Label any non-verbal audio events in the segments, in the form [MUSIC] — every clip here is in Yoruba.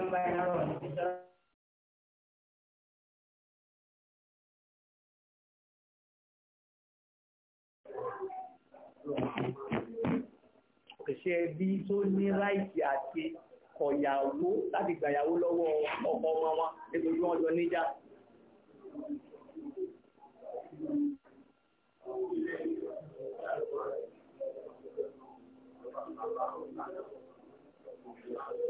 kan bayan rawa Òṣè bí tó ní ráìtì àti ọ̀yàwó láti gbàyàwó lọ́wọ́ ọkọ ọmọ wọn nítorí wọ́n jọ níjà. Thank you.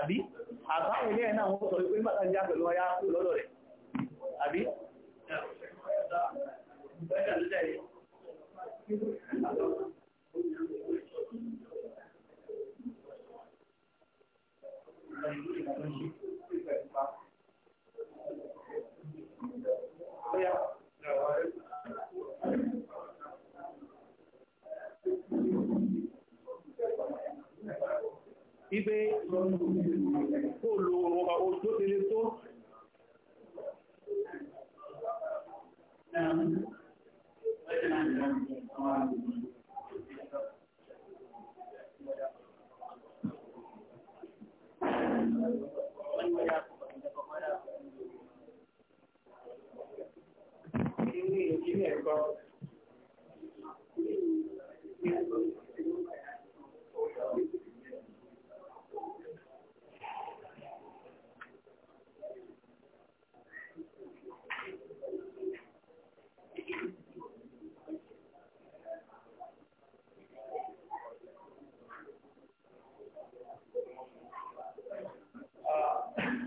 àbí àbáwọn ilé ẹ̀nà àwọn sọ ìpé mọ́ta jẹ́ pẹ̀lú ọya lọ́dọ̀ rẹ̀ àbí Yeah. ibé kó lo ojú tẹ́lẹ̀ tó Thank you.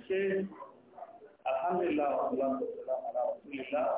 ṣe alhamdulillah wa sallallahu alaihi wa sallam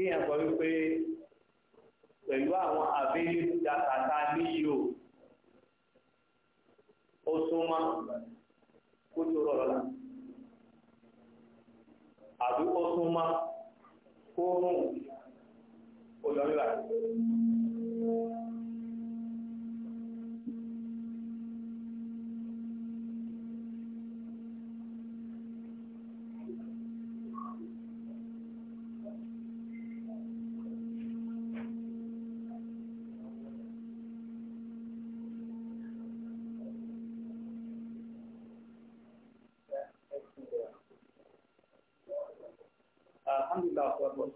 kí yẹn sọ wípé pẹ̀lú àwọn àbẹ́lẹ̀ jàkàtà níyò ó súnmọ́ kó tó rọrọ̀ la àbí ó súnmọ́ kó rùn ó lọ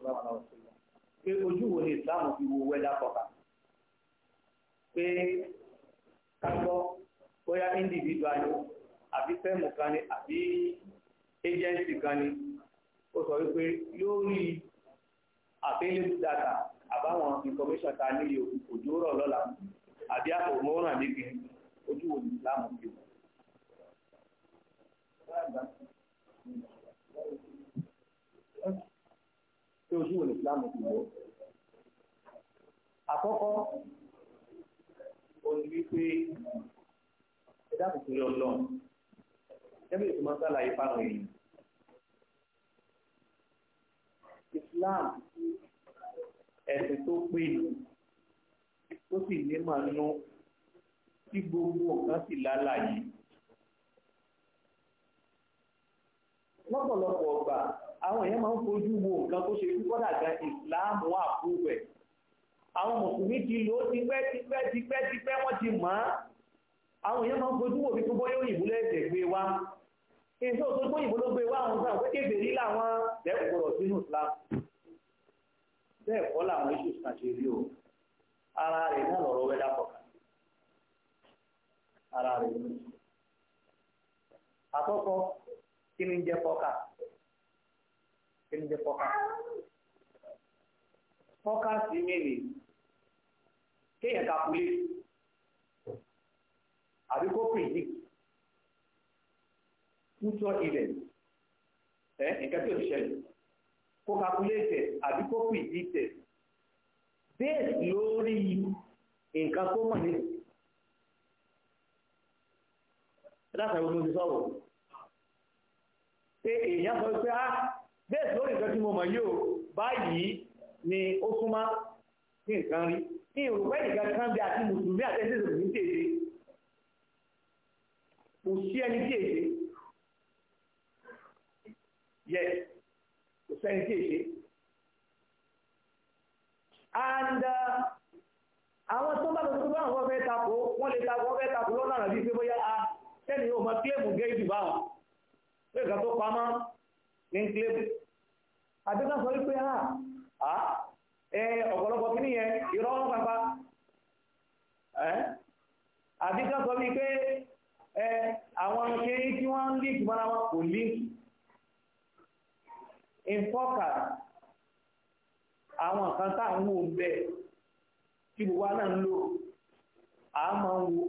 sallallahu alaihi wasallam pé ojú wo ni ìsìláàmù fi wo wẹ́dà kọ̀ọ̀kà pé kágbọ́ bóyá individual àbí fẹ́ẹ̀mù kan ni àbí agency kan ni ó sọ data àbáwọn information ta òjò rọ̀ lọ́la àbí nígbìn ojú wo tí ojú ìwé ìsìlámù ti lọ. Àkọ́kọ́, ó ní wípé ẹ̀dá kò kéré ọlọ́run. Ẹgbẹ́ ìtumọ̀ ń sàlàyé fáwọn èèyàn. Islam ẹ̀sìn tó pé tó sì ní màánú tí gbogbo nǹkan sì lálàyé. lọ́pọ̀lọpọ̀ ọgbà àwọn èèyàn máa ń fojú wo nǹkan tó ṣe fún kọ́dà gan ìsìláàmù àpúrò ẹ̀ àwọn mùsùlùmí ti lò ó ti pẹ́ ti pẹ́ ti pẹ́ ti pẹ́ wọ́n ti mọ̀ ọ́n àwọn èèyàn máa ń fojú wo bí fún bọ́yọ́ òyìnbó lẹ́sẹ̀ gbé wa èso tó tó òyìnbó ló gbé wa àwọn sáà pété bèrí làwọn lẹ́kọ̀ọ́ sínú islam bẹ́ẹ̀ kọ́ làwọn issues kan ṣe rí o ara rẹ̀ náà lọ̀rọ̀ wẹ́dà kọ̀ọ̀kan ara rẹ̀ ló Kini ni ń jẹ́ pọ́kà kí ni ń jẹ́ pọ́kà pọ́kà sí mi nì kéèyàn kàkúlé àbí kó predict future event ẹ nǹkan tí ò ti ṣẹlẹ̀ kó kàkúlétẹ̀ àbí kó predict based lórí nǹkan tó mọ̀ ní. Ẹ dákàá ìwé ló pé èèyàn sọ pé ah bẹ́ẹ̀ tí ó tí mo mọ̀ yóò báyìí ni ó súnmọ́ sí nǹkan rí ní ìrùpẹ́ nìkan kan bí àti mùsùlùmí and uh, àwọn tó bá lọ sí báwọn fẹ́ tako wọ́n lè tako wọ́n fẹ́ tako lọ́nà àbí pé bóyá a sẹ́ni yóò mọ kílẹ̀mù gẹ́gì báwọn pé ìgbà tó pamọ́ ní ń kílé àdéhùn sọ wípé ah, à ẹ ọ̀pọ̀lọpọ̀ kí nìyẹn irọ́ ọlọ́pàá àdéhùn sọ wípé ẹ àwọn kiri tí wọ́n ń líǹkì mọ́ra wọn kò líǹkì ìfọ́kà àwọn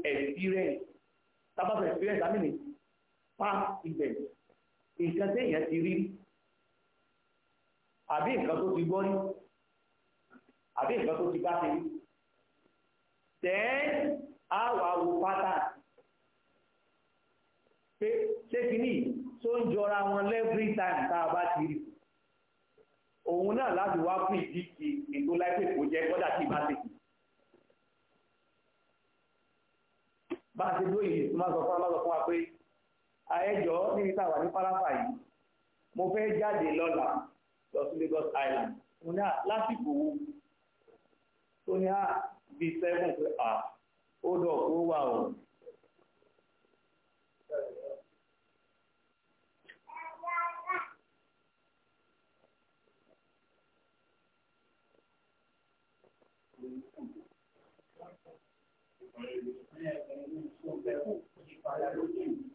experience experience nǹkan téèyàn ti rí àbí nǹkan tó ti gbọ́ rí àbí nǹkan tó ti bá ti rí tẹ́ẹ̀ á wà wo pátá pé ṣé kìíní tó ń jọra wọn every time tá a bá ti rí òun náà láti wá fún ìdíje ètò láìpẹ́ kò jẹ́ kọ́dà tí bá ti bá ti dóyè tó máa sọ fún ọlọ́sọ wa pé àẹjọ́ níbi táwà ní párápà yìí mo fẹ́ jáde lọ́la lọ sí Lagos Island mo ní à lásìkò wo tó ní à bíi seven pé à ó dọ̀ kó wà o. Thank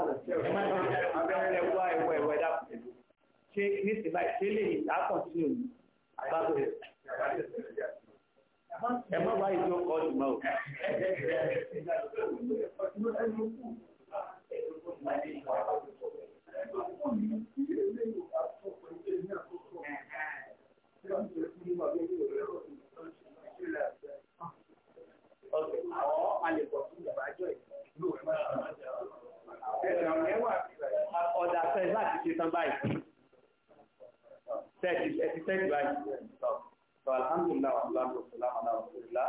abẹ́rẹ́ ẹwà ẹwà ẹwà ẹ̀dá pẹ̀lú ṣé ní ìsìnlá ìṣẹ̀lẹ̀ ìdákan sí òní àbábọ̀ ẹ má bá ìjọ kọ́ jùmọ̀ o. Okay. Àwọn alẹ́ pọ̀ fún ìjọba ọ̀dà fẹ́ láti ṣe tán báyìí tẹ́ẹ̀tì ẹ̀tì tẹ́ẹ̀tì báyìí sọ alhamdulillah wa salatu wa salam ala rasulillah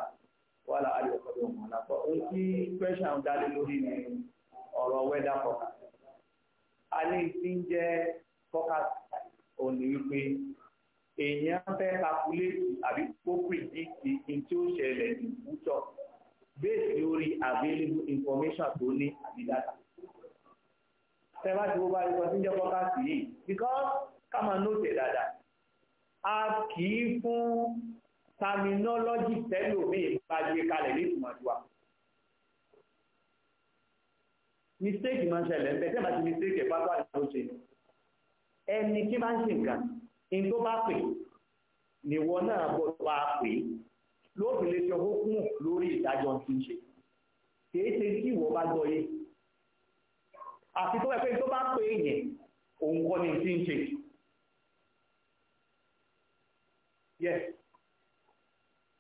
wa ala alihi wa sahbihi wa ala fọ ohun tí question ń dálé lórí ni ọ̀rọ̀ weather forecast a ní ti ń jẹ́ forecast òní wípé èèyàn fẹ́ calculate àbí kó predict in tí ó ṣẹlẹ̀ ní future based lórí available information tó ní àbí data tẹ́lá ti wọ́n bá rí kan tí ń jẹ́ pọ́kásì yìí because ká máa nóòtù ẹ̀ dáadáa a kì í fún terminology tẹ́lòmíì bá gbé kalẹ̀ ní ìtumọ̀ ìwà mistake máa ń ṣẹlẹ̀ ń bẹ tẹ́lá ti mistake ẹ̀ pátá ìlú ṣe ẹni kí máa ń ṣe nǹkan in tó bá pè nìwọ náà bọ̀ wá pè lóògùn lè ṣe kún lórí ìdájọ́ tí ń ṣe kì í ṣe tí ìwọ bá gbọ́ yìí àti tó ẹ̀fẹ́ tó bá pè èèyàn òun kọ́ ni tí ń ṣe yes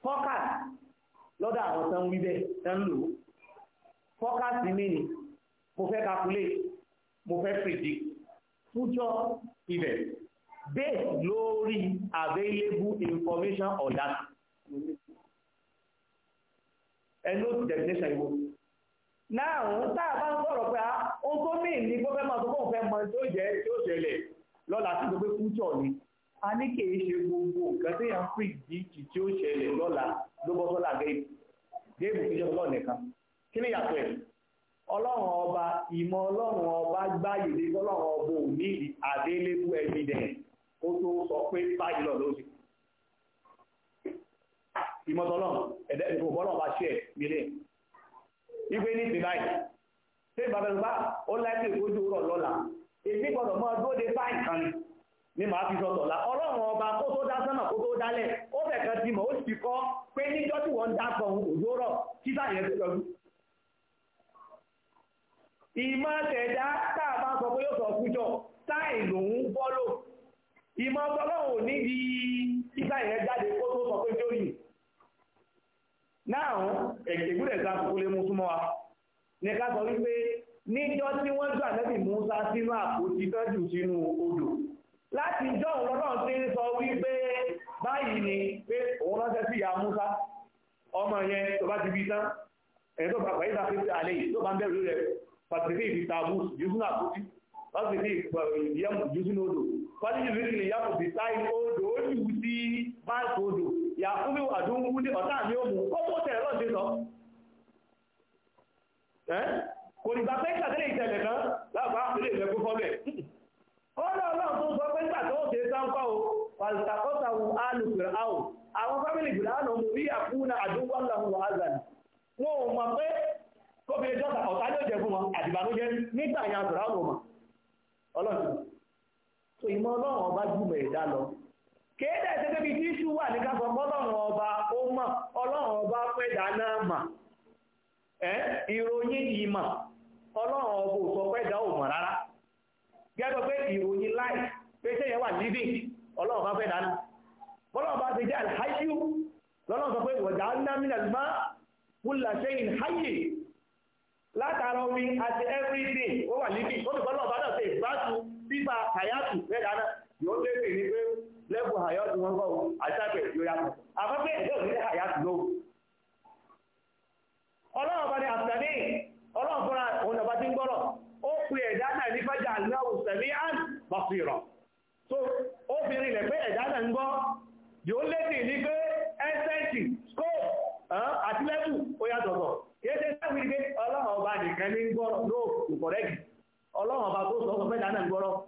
focus lọ́dọ̀ àwọn tán wí bẹ́ẹ̀ tán lò focus mi ni mo fẹ́ calculate mo fẹ́ predict future event based lórí available information or data ẹ lóòtù definition ìwọ̀n náà taa bá ń sọ̀rọ̀ pé ah, ohun tó mí ní gbọ́fẹ́ máa tó fẹ́ mọ tó jẹ́ tí ó ṣẹlẹ̀ lọ́la tí gbogbo fújọ́ ni a ní ṣe gbogbo nǹkan tí yàn tí ó ṣẹlẹ̀ lọ́la ló bọ́ sọ́la géèmù géèmù ọlọ́run nìkan ọba ìmọ̀ ọlọ́run ọba gbáyé ọlọ́run ọba ò ní kó tó sọ pé báyìí ipe ní ìsìn báyìí ṣé ìbáfẹ́sọ́fà ó láìpẹ́ ìkójú rọ̀ lọ́la èmi gbọ́dọ̀ mọ́ dóde fáìn kan ni màá fi sọ tọ̀la ọlọ́run ọba kó tó dá sánmà kó tó dálẹ̀ ó fẹ̀ kan ti mọ̀ ó sì kọ́ pé níjọ́ tí wọ́n ń dá kan òjò rọ̀ kí sáyẹn tó yọjú. ìmọ̀ tẹ̀dá tá a bá sọ pé yóò sọ fújọ táì lòún bọ́lò ìmọ̀ ọlọ́run ò ní di kí sáyẹn jáde kó tó sọ pé jóyìn Now, a good example kó lè mú súnmọ́ wa. Ní ká sọ wípé níjọ́ tí wọ́n jù àlẹ́bì Musa sínú àpótí tọ́jú sínú odò. Láti ìjọ́ òun lọ́nà tí ń sọ wípé báyìí ni pé òun ránṣẹ́ sí ìyá Musa. Ọmọ yẹn tó bá ti bí tán, ẹ̀yìn tó bá pàyí ta fi àlẹ́ yìí tó bá ń bẹ̀rù rẹ̀ pàtẹ́sí ìfi tàbú jù sínú àpótí. Láti fi ìyẹ́mù jù sínú odò. Fọ́lí jù sí ìyẹ́mù sí odò ó jù sí báàkì odò ìyá fún mi wà dùn wúlé ọ̀tá mi ó mú kó kó tẹ̀lé lọ́dún lọ. kò nígbà pé ìtàtẹ́lẹ̀ ìtẹ̀lẹ̀ kan láàbá àpèlè rẹ̀ kó fọ́lẹ̀. ọ̀nà ọlọ́run tó sọ pé nígbà tó ń ṣe sáńkọ́ o pàṣípàkọ́sà wù alùpùpù àwò àwọn fámìlì gbìlá àná mú bí àkúnà àdúgbò ọlọ́run wà ázàn. so ìmọ̀ ọlọ́run ọba jùmọ̀ kéèdè ìsẹ́gbẹ́ bí tíṣù wà ní káfọ́ ọba ó mọ̀ ọlọ́run ọba pẹ̀dà náà mà ẹ́ ìròyìn ìmọ̀ ọlọ́run ọba ò sọ pẹ̀dà ò mọ̀ rárá gẹ́gọ́ pé ìròyìn láì wà níbí ọba pẹ̀dà náà ti jẹ́ sọ pé sẹ́yìn háyè látara omi àti ó wà níbí ó náà lẹ́bù àyọ́dù wọn gọ́wọ́ àtàbẹ̀ yóò yàtọ̀ àfẹ́fẹ́ ẹ̀jọ́ ìlú àyàtù lówó ọlọ́run bá ní àtàní ọlọ́run fúnra òun ọba tí ń gbọ́rọ̀ ó pe ẹ̀dá náà ní fájà aláwò sẹ̀mí àn bàfìrọ̀ so ó fi rinlẹ̀ pé ẹ̀dá náà ń gbọ́ yóò lédè ní pé ẹ́sẹ̀ǹtì scope àti lẹ́bù ó yàtọ̀tọ̀ kì í ṣe sáwìrì pé ọlọ́run ọba nìkan ní gbọ́rọ̀ lóòkù kọ̀rẹ́kì ọlọ́run ọba tó sọ fún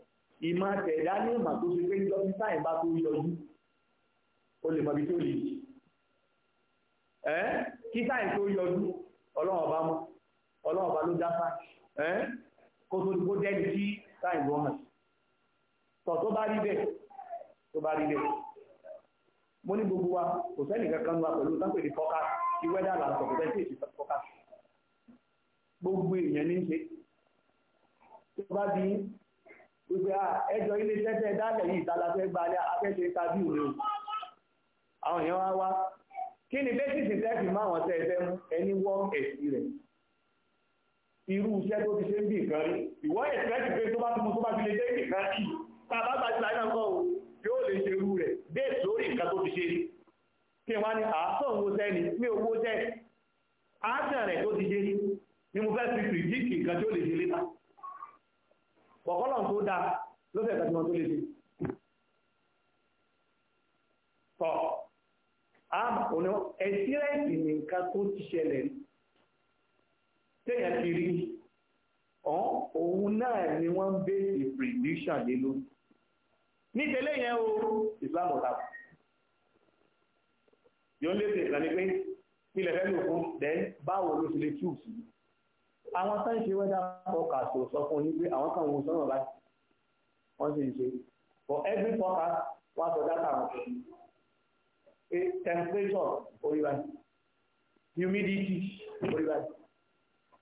ìmọ̀ tẹ̀dá ní ìmọ̀ tó ṣe pé ní ọdún sáyẹn bá tó yọjú ó lè mọ̀ bí tó lè jì ẹ́ kí sáyẹn tó yọjú ọlọ́run ọba mọ́ ọlọ́run ọba ló dáfà ẹ́ kó tó kó jẹ́ni sí sáyẹn ló hàn tọ̀ tó bá rí bẹ́ẹ̀ tó bá rí bẹ́ẹ̀ mo ní gbogbo wa kò sẹ́ni kankan wa pẹ̀lú tán pè ní fọ́ká ti wẹ́dà là sọ̀rọ̀ bẹ́ẹ̀ tí èsì fọ́ká gbogbo èèyàn ní ṣe tó bá bí wípé ẹjọ́ ilé tẹ́tẹ́ dálẹ̀ yìí ìtàlàfẹ́ gbalẹ̀ afẹ́ṣe tábí òun àwọn èèyàn wá wá kí ni bẹ́sìsì tẹ́sì máa wọ́n tẹ́ ẹfẹ́ mú ẹni work experience irú iṣẹ́ tó ti ṣe ń bì kan rí ìwọ́n expect pé tó bá ti mú tó bá ti lè dé ìkan kí tá a bá gba ìlànà náà kọ́ yóò lè ṣe irú rẹ̀ bẹ́ẹ̀ lórí nǹkan tó ti ṣe kí wọ́n ní àásọ̀ owó sẹ́ni mi owó jẹ́ àásọ̀ rẹ̀ tó ti ṣe ni mo fẹ́ fi kìrìtìkì nǹkan tí lè ṣe létà bọ̀kọ́lọ̀ tó dá lọ́sẹ̀ ìgbà tí wọ́n tó lè ṣe tọ́ ẹ̀sírẹ́ẹ̀sì ní nǹkan tó ti ṣẹlẹ̀ tẹ́yàn kiri òun náà ni wọ́n ń bèèrè prediction lé lórí ní tẹ́lẹ̀ yẹn o Islam ọ̀tá yóò lè ṣe ìgbà pé ilẹ̀ fẹ́ lò fún then báwo ló ṣe lè tú sí i àwọn tó ń ṣe wẹ́dà forecast ò sọ fún yín pé àwọn kan wo sọ́nà báyìí wọ́n sì ń ṣe for every forecast wọ́n sọ data wọn pé temperature orí báyìí humidity orí báyìí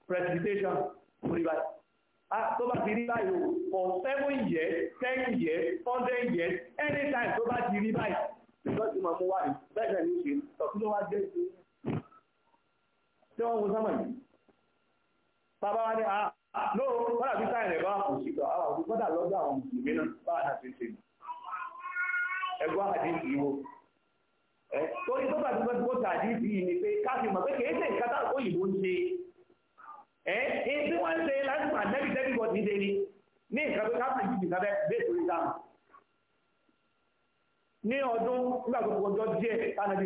precipitation orí báyìí tó bá ti rí báyìí o for seven years ten years hundred years anytime tó bá ti rí báyìí lọ́sí mọ̀ mú wà ní bẹ́ẹ̀ ni ó ṣe tọ̀tún ló wá dé ṣe tí wọ́n wo sọ́mọ̀ yìí bàbá wa ní à ló kọ́dà bí sáyẹn rẹ̀ bá kù sí lọ àwọn òbí kọ́dà lọ́dọ̀ àwọn mùsùlùmí náà bá wà láti ṣe ẹgbọ́n àdìsí wo ẹ torí tó bá ti gbọ́ tó àdìsí yìí ni pé káfí mọ̀ pé kìí ṣe nǹkan táwọn òyìnbó ń ṣe ẹ ẹ tí wọ́n ń ṣe láti pa nẹ́bí tẹ́bí bọ́ ti dé ni ní nǹkan pé káfí jìbì sábẹ́ bẹ́ẹ̀ torí dáhùn ní ọdún nígbà tó kọjọ díẹ̀ tánàbí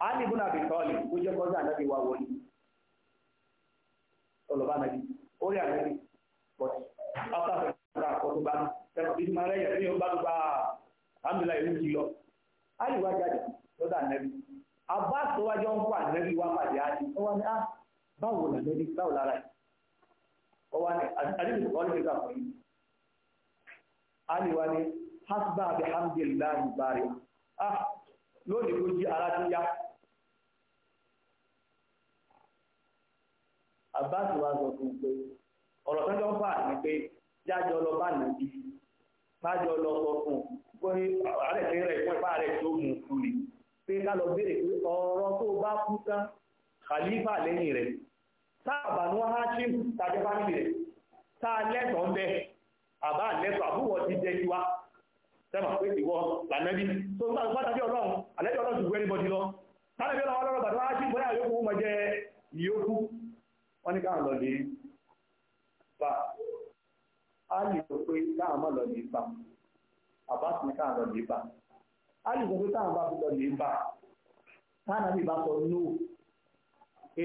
Ali ibn Abi Talib kó jẹ́ kọ́sí ànábì wa wọlé ọlọ́ba ànábì orí ànábì but after the program kọ́ tó bá mi tẹ̀sán bí mo rẹ̀ yẹ̀ fi bá gba amúlá ìlú ti lọ Ali wá jáde lọ́dọ̀ ànábì Abbas tó wájọ́ ń kó ànábì wá pàdé Ali wọ́n wá ní ah báwo lànábì báwo lára ẹ̀ wọ́n wá ní àdébìtì kọ́ ní ìgbà fún yìí Ali wá ní hasba bihamdillahi bari ah lónìí kó jí ara ti yá Abbas wa sọ fún un pé ọ̀rọ̀ tó ń jọ ń fà ní pé jájọ lọ bá nàbí májọ lọ sọ fún un pé àárẹ̀ tí rẹ̀ fún ipá rẹ̀ tó mú kú ni pé ká lọ béèrè pé ọ̀rọ̀ tó bá kú tán khalifa lẹ́yìn rẹ̀ sáàbà ní wọ́n á ṣí tàbí fámìlì rẹ̀ sáà lẹ́tọ̀ọ́ ń bẹ àbá lẹ́tọ̀ọ́ àbúwọ̀ ti jẹ́ tiwa sẹ́mà pé ìwọ lànàbí tó ń sáàbà tàbí ọlọ́run àlẹ́jọ́ ọlọ́run ti gbé níbọ̀dì lọ sáàbà ọlọ́run bàtà wọ́n á ṣí bóyá yókù wọ́n ní káwọn lọ lè bá áàlì tó pé káwọn mọ̀ lọ lè bá àbáṣe ní káwọn lọ lè bá áàlì tó pé káwọn bá fi lọ lè bá táwọn àbí bá sọ nóò pé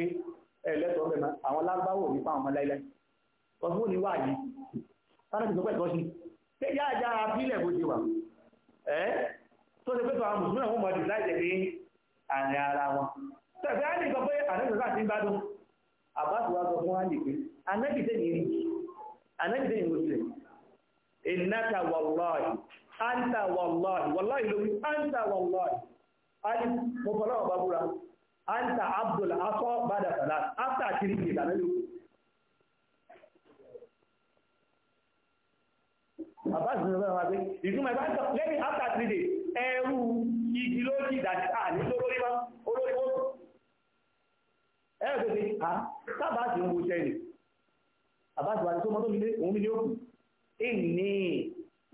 ẹ̀lẹ́tọ̀ọ́ mẹ́ma àwọn lágbáwò nípa àwọn ọmọ láíláí ọdún ní wáyé sára ìsọpẹ́ ìtọ́sí tẹ́ yá ajá abílẹ̀ bó ti wà ẹ́ tó ṣe pẹ́tọ̀ àwọn mùsùlùmí àwọn ọmọdé láìsẹ̀ pé àárín ara wọn tẹ̀sẹ̀ á sọ pé àdéhùn àbáṣe wa sọ fún àlè pé anábìtẹ́ ní rí anábìtẹ́ ní oṣù rẹ̀ ìnáta wàláì áńtà wàláì wàláì lórí áńtà wàláì alif mo fọlọ́ ọba búra áńtà abdul akọ bada salat after three days àná yòókù àbáṣe ní ọba wọn pé ìtumọ̀ ìbáṣe lẹ́yìn after three ẹ̀rọ pé a sábà ti ń wo sẹ́ni àbáṣe wà ní tó mọ́tò nílé òun nílé òkú ìní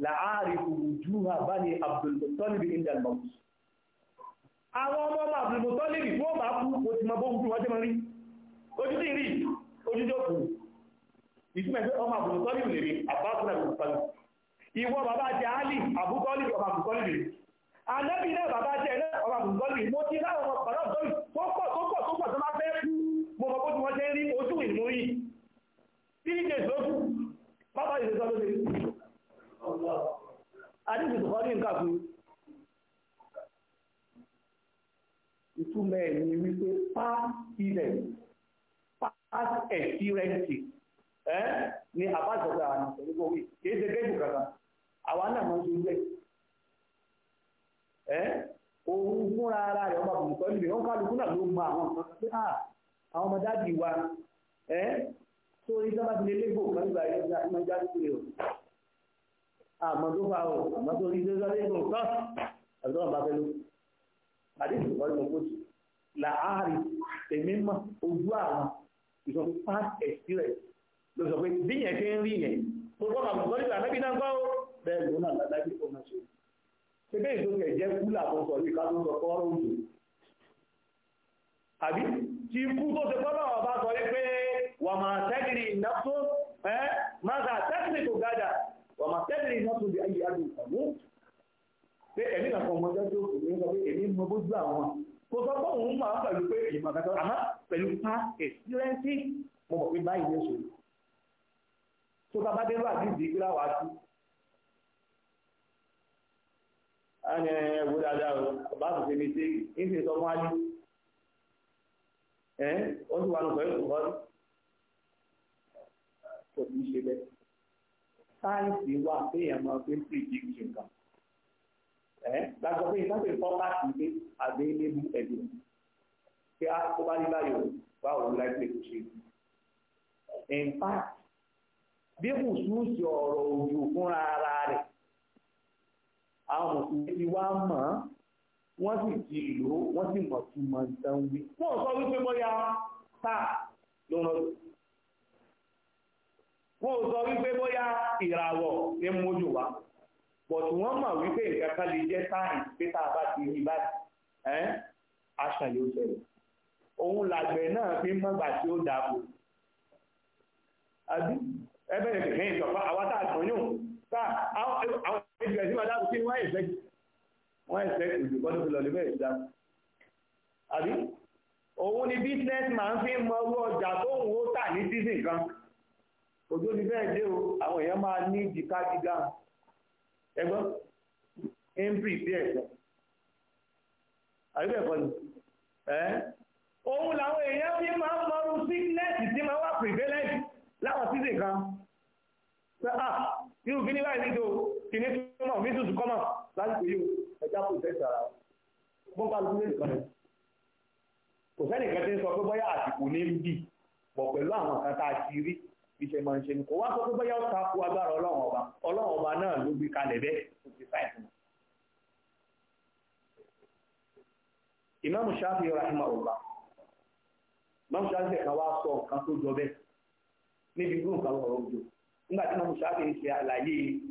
làárí ojú àbáni abdulmutalibi indian mount àwọn ọmọ ọmọ abdulmutalibi tí wọ́n bá kú o ti mọ bó ojú wájú rí ojú tí rí ojú tó kù ìtumẹ̀ pé ọmọ abdulmutalibi lè rí àbáṣe abdulmutalibi ìwọ bàbá àti àálì abdulmutalibi ọmọ a náà bàbá jẹ́ náà ọba bùgọ́lì mo ti láwọn ọmọ bọ́lì tó pọ̀ tó pọ̀ tó pọ̀ tó máa fẹ́ kú mo mọ̀ bójú wọn ṣe rí ojú ìmú yìí tí bàbá ní nǹkan ìtumọ̀ wípé past event past experience àbájọba àwọn kì í ṣe àwa náà òun fúnra ara rẹ̀ ọba bùkọ́ níbi wọn kálukú náà ló mọ àwọn nǹkan pé àwọn ọmọ dáàbì wa tó ní sábà ti lè lébò kan nígbà yẹn ní àmọ́ ìjà sílé o àmọ́ tó fa o àmọ́ tó ní sẹ́sọ́ lébò tán àti tó wà bá fẹ́ ló àdéhùn ìkọ́ni mọ̀ kóòtù làárí èmi mọ̀ ojú àwọn ìsọ past experience ló sọ pé bí yẹn ṣe ń rí yẹn tó kọ́ àbùkọ́ nígbà náà bí náà gbọ́ ṣebẹ́ ìdókè jẹ́ kúlà tó sọ ìka tó sọ kọ́rọ̀ òjò àbí ti kú tó ṣe pọ́lọ̀ ọba sọ wípé wà máa tẹ́gìrì ìnáfó ẹ́ máa ta tẹ́gìrì tó gádà wà máa tẹ́gìrì ìnáfó bí ayé adùn ìkàwó pé ẹ̀mí kan kan ọmọdé tó kù ní sọ pé èmi mọ bójú àwọn kò sọ pé òun máa pẹ̀lú pé ìmọ̀ kankan àmọ́ pẹ̀lú past experience mo mọ̀ pé báyìí ní ṣe tó bá bá dé lọ àdíjì ìgbéláwà sí á ní ẹwú dáadáa o bá tó ṣe ní ṣe ń ṣe sọ fún alí ẹ ó sì wà nù sọ ètò ọdún kò ní ṣe bẹ́ẹ̀ sáyẹ̀nsì wà téèyàn máa fi ń predict nǹkan ẹ lágbọ́ pé ìtàn pé fọ́kàtì pé àgbẹ̀ ilé mú ẹ̀dùn pé a ah, tó bá ní báyìí o báwo ni láìpẹ́ kò ṣe in fact bí kò sùn sí ọ̀rọ̀ òjò fúnra ara àwọn mùsùlùmí ti wá mọ̀ wọ́n sì ti lò ó wọ́n sì mọ̀ tún mọ̀ nǹkan wí. wọ́n sọ wípé bóyá sáà ló ń rọ́ọ̀dù. wọ́n sọ wípé bóyá ìràwọ̀ ní mójú wa bọ̀tù wọ́n mọ̀ wípé nǹkan kan lè jẹ́ sáàyìn pé tá a bá ti rí báyìí ẹ́ aṣọ yóò ṣẹlẹ̀ òun làgbẹ̀ náà fi mọ́gbà tí ó dàbò ẹbẹ̀rẹ̀ kìí ìjọba àwọn tá a gbọ́n yóò ìbẹ̀rẹ̀ sí màdá kí wọ́n ẹ̀fẹ́ wọ́n ẹ̀fẹ́ olùkọ́ tó fi lọ lè bẹ̀rẹ̀ síta àbí òun ni business man fi mọ owó ọjà tóun ó tà ní season kan òjò ni bẹ́ẹ̀ dé o àwọn èèyàn máa ní jìká gíga ẹgbọ́n ń bì bí ẹ̀sán àbí ẹ̀kọ́ ni ẹ́ òun làwọn èèyàn fi máa ń mọrú business tí máa wà prevalent láwọn season kan pé ah irú kí ní báyìí nídò kìíní tó mọ̀ mí tuntun kọ́mọ̀ lásìkò yìí ẹja kò fẹ́ sara bó bá lóyún nìkan rẹ̀ kò sẹ́ni kan tí ń sọ pé bóyá àsìkò ní ń bì pẹ̀lú àwọn kan tá a ti rí máa ń ṣe ni kò wá sọ pé ó agbára ọlọ́run ọba ọlọ́run ọba náà ló gbé kalẹ̀ bẹ́ẹ̀ tó ti ìmáàmù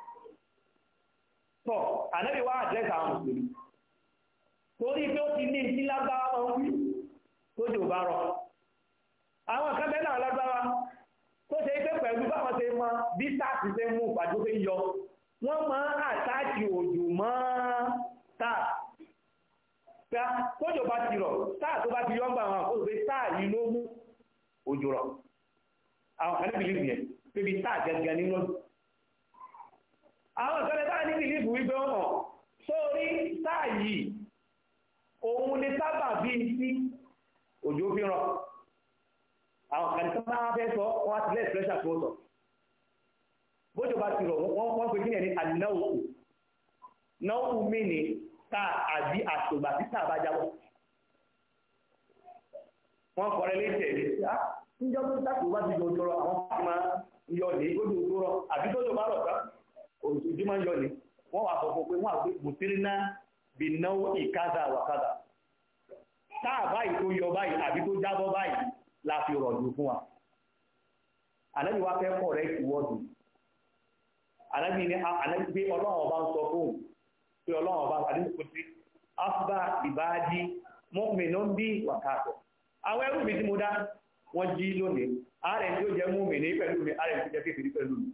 tọ́ ànábì wá àdírẹ́sì àwọn mùsùlùmí torí pé ó ti ní ìsí lágbára máa ń wí tó jò bá rọ àwọn kan bẹ́ẹ̀ náà lágbára tó ṣe pé pẹ̀lú báwọn ṣe mọ bí sáàtì ṣe mú ìpàdé pé yọ wọ́n máa ń àtàkì òjò mọ́ sáà pé kójò bá ti rọ̀ sáà tó bá ti yọ́ ń bá àwọn àkóso pé sáà yìí ló mú òjò rọ̀ àwọn kan níbi lè nìyẹn pé bí sáà gẹ́gẹ́ nínú àwọn ìfẹ́lẹ̀ táà ní bìlífù wípé ọmọ sórí táà yìí òun ni sábà bí sí òjò fi rọ àwọn kàlìtàn máa fẹ́ sọ wọn ti lẹ́ẹ̀ pẹ́ṣà tó sọ bójú bá ti rọ wọn pè kíni ẹni àdínáwó náwó mi ni táà àbí àtògbà tí táà bá jábọ̀ wọn kọrẹ léṣe èdè sí á níjọ́ tó dákòó bá ti jọjọrọ àwọn fáwọn yọ ní gbódò tó rọ àbí tó jọ bá rọ sáà ojúmọ́ yọ ni wọ́n wà sọ pé wọ́n àgbé bùtírínà bí náwó ìkádà wàkádà táà báyìí tó yọ báyìí àbí tó jábọ́ báyìí la fi rọ̀jù fún wa ànábì wa fẹ́ kọ̀ rẹ̀ pé ọlọ́run ọba ń sọ pé ọlọ́run ọba afba mọ́mìnà bí wàkàtọ̀ àwọn ẹrú mi wọ́n jí lónìí jẹ́ mọ́mìnà pẹ̀lú mi jẹ́ kékeré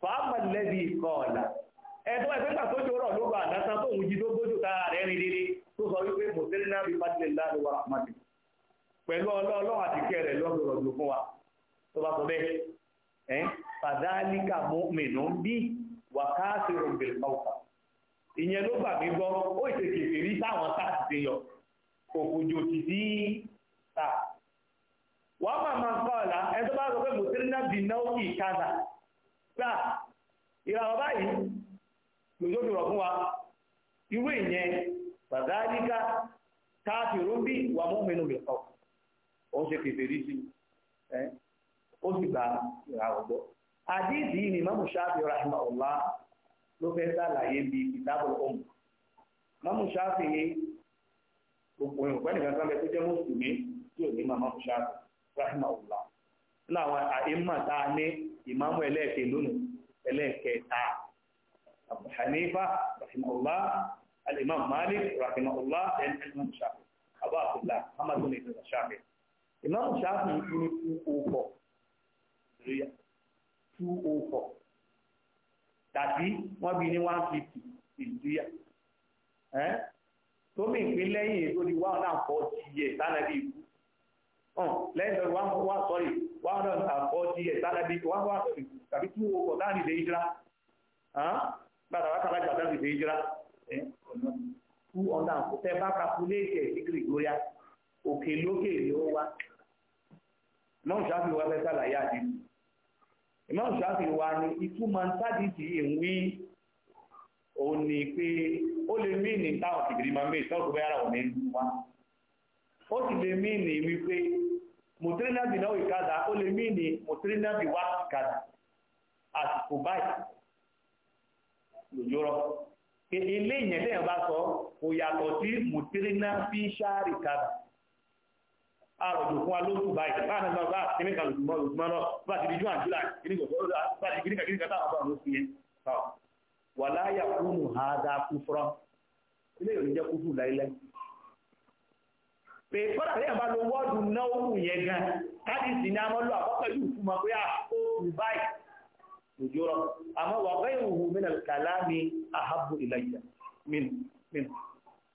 fàámà lẹ́bí kọ́ọ̀lá ẹ̀tọ́ ẹ̀fẹ́ gbà tó jọrọ̀ ló bá àdásá tó ń jí tó gbójú ta rẹ̀ rìn rere tó sọ wípé mùsùlùmí náà fi fàtílẹ̀ láàrin wa rahmatu pẹ̀lú ọlọ́ọ̀lọ́wọ́ àti kẹrẹ̀ lọ́gbọ̀rọ̀ ló fún wa tó bá sọ bẹ́ẹ̀ ẹ́ fàdálíkà mọ́mìnà bí wà káàkiri bẹ̀rẹ̀ ìyẹn ló gbà mí gbọ́ ó ìtẹ̀kẹ̀ fèrí sáwọn sáàtì ti yọ òkùnjò ti dí ta wàá máa máa kọ́ ọ̀la ẹ tó bá sọ pé mùsùlùmí gbà ìràwọ̀ báyìí lòdòdò rọ̀ fún wa irú ìyẹn bàdáríkà káàfìrú bí wà mọ́mìnú rẹ̀ kọ́ ó ṣe kèfèrí sí ó sì gba ìràwọ̀ gbọ́ àdíìsì yìí ni ló fẹ́ sàlàyé bí umm. ni gbogbo ìrùpẹ́ nìkan kan bẹ tó jẹ́ tí ò ní ìmáàmù ẹlẹ́ẹ̀kẹ́ lónìí ẹlẹ́ẹ̀kẹta Abu Hanifa rahimahullah al-Imam Malik rahimahullah ẹni ẹni ṣáfi Abu Abdullah hamadu ní ìdílé ṣáfi Imam ṣáfi ní two o oh four two o oh four tàbí wọ́n bí ní one fifty ìdíyà tómi ìpínlẹ̀ yìí tó di one hundred and forty years lánàá ikú Oh, lẹ́yìn lọ́dún one one sorry one hundred and forty years sálábí one one sorry o kọ̀ọ̀tà ní ìdè ìjìlá gbàdá wákà lágbà tá ní ìdè ìjìlá two hundred and forty tẹ́ bá calculate ẹ̀ sí Gregoria òkè lókè ni ó wá náà ṣáfi wá fẹ́ sàlàyé àdìsí ìmọ̀ ṣáfi wá ní ìtumọ̀ sádìsí ìwí òun ó sì lè mí ní wípé mùtírínà bí náà ìkádà ó lè mí ní mùtírínà bí wá ìkádà àsìkò báyìí lòjó rọ ilé ìyẹn tẹ́yàn bá sọ kò yàtọ̀ sí mùtírínà bí sáàrì kádà àròjò fún alóòtú báyìí ah, bá náà bá kíníkà lòjùmọ́ lòjùmọ́ náà bá ti di jù àjúlá kíníkà kíníkà táwọn bá lóṣù yẹn wàláyà kúrú hàdá ilé pé kọ́dà tí àbá lo wọ́ọ̀dù náwó yẹn gan kádìsì ní amọ́lò àkọ́kọ́lù ìfúnmọ́ pé àkókù ah, báyìí lójú rọ àmọ́ wà bẹ́ẹ̀ ìhù mínà kàlá ní àhábò ìlàjà mínú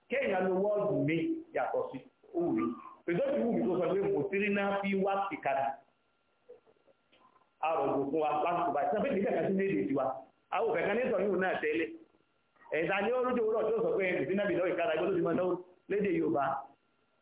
kéèyàn lo wọ́ọ̀dù mi yàtọ̀ sí òwú mi pẹ̀lú ìwú mi tó sọ pé kò sí ríná fi wá sí kadà àrògbò fún wa lásìkò báyìí sábẹ́ ìdíjà kan sí ní èdè tiwa àwọn òfẹ́ kan ní sọ yóò náà tẹ́lẹ̀ ẹ̀dá ni ó rújò wúrọ̀ tó sọ pé ẹ̀dùn sí náà bìlọ́ ìkadà gbọ́dọ̀ ti máa náwó léde Yorùbá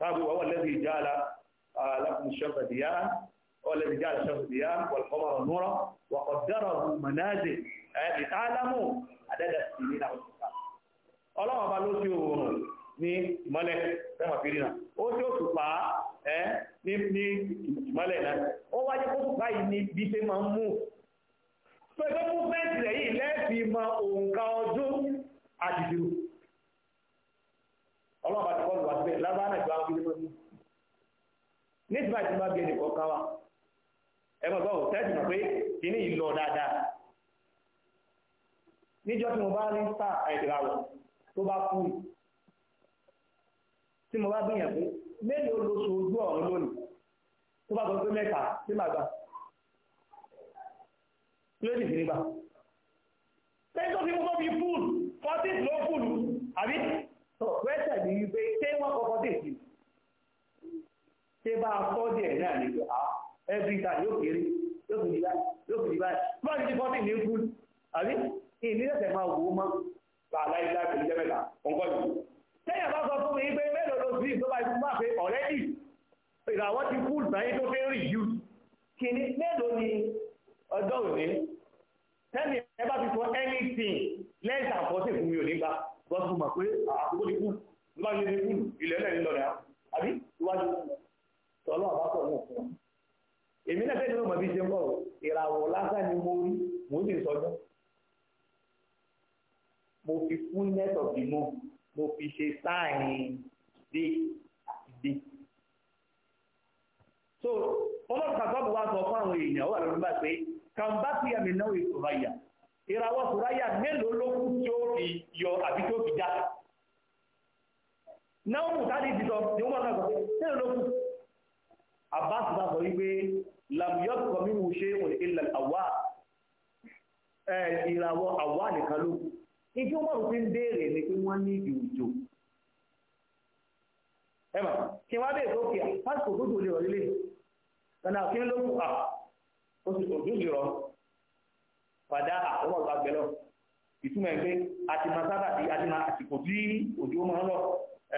فهو هو الذي جعل لكم الشمس ضياء هو الذي جعل الشمس ضياء والقمر نورا وقدره منازل لتعلموا عدد السنين والحساب ọlọ́run ọba ló ti oòrùn ní ìmọ́lẹ̀ fẹ́mọ̀ fi ríran ó tí ó tùpá ẹ́ ní ìmọ́lẹ̀ náà ó wáyé kó tùpá yìí ní bí ṣe máa ń mú pẹ̀lú múfẹ́ǹtì rẹ̀ yìí lẹ́ẹ̀fì mọ òǹkà ọdún àdìdìrò ọlọ́run bá ti kọ́ lùwà síbẹ̀ lábára ìjọ àwọn kílé lónìí ní ìsìnkú àti bá bí ẹnì kọ̀ọ̀kan wa ẹgbẹ́ bá wò tẹ́sí mọ̀ pé kíní ìlọ dáadáa níjọ́ tí mo bá rí sá àìdìràwọ̀ tó bá kú tí mo bá gbìyànjú mélòó lóṣù ojú ọ̀run lónìí tó bá sọ pé mẹ́ta sí màgbà lórí ìdìrígbà tẹ́sí tó fi mú tó fúùlù fọ́tí ló fúùlù àbí sọ pẹ́sẹ̀ ní wípé ṣé wọ́n kọ́kọ́ dé sí ṣé bá a fọ́ díẹ̀ náà ní ìgbà ah, every time yóò kéré yóò fi di báyìí yóò fi di báyìí bá ti di fọ́tì ní kú àbí ìní ẹ̀sẹ̀ máa wò ó mọ́ bá aláìlá pẹ̀lú jẹ́mẹ̀lá ọ̀nkọ́ yìí sẹ́yìn bá sọ fún mi pé mélòó ló fi ìjọba ikú máa pe ọ̀rẹ́dì ìràwọ̀ ti kú báyìí tó fẹ́ rí yù kìíní mélòó ni ọjọ́ òní sẹ́yìn ẹ bá ti sọ anything less than fourteen fún mi ò ní gbà wọ́n tún mọ̀ pé àkókò ní kùn ló bá yẹ ní kùn ilẹ̀ ẹ̀lẹ́ ní lọ́dà àbí iwájú tọ́lọ́ àbápọ̀ mọ̀ fún wọn. èmi ni mo rí mo sì sọjọ́ mo fi fún nẹ́tọ̀ bí mo mo fi ṣe sáàrin dé àti dé. so ọlọ́pàá tọ́pù wa sọ fún àwọn èèyàn wà lórí bá pé kàǹbá sí àmì náà ètò ráyà ìràwọ̀ sùráyà mélòó ló kù tí ó fi yọ àbí tí ó fi já náà tàbí ìdìtọ̀ ni wọ́n máa sọ mélòó ló kù abbas bá sọ wípé lamyot kọmíwù ṣe òní ilẹ̀ àwà ìràwọ̀ àwà nìkan ló kù ìdí wọ́n mọ̀ fi ń béèrè ni pé wọ́n ní ìwùjọ ẹ̀mà kí wọ́n bèèrè tó kí pásítọ̀ tó dùn lè rọ̀ lílé kí ló kù à ó sì tòjú lè fàdá àwọn ọ̀gbà gbẹ̀lọ́ ìtumọ̀ ẹ̀ pé a ti máa sábà sí a ti máa àsìkò tí òjò máa ń lọ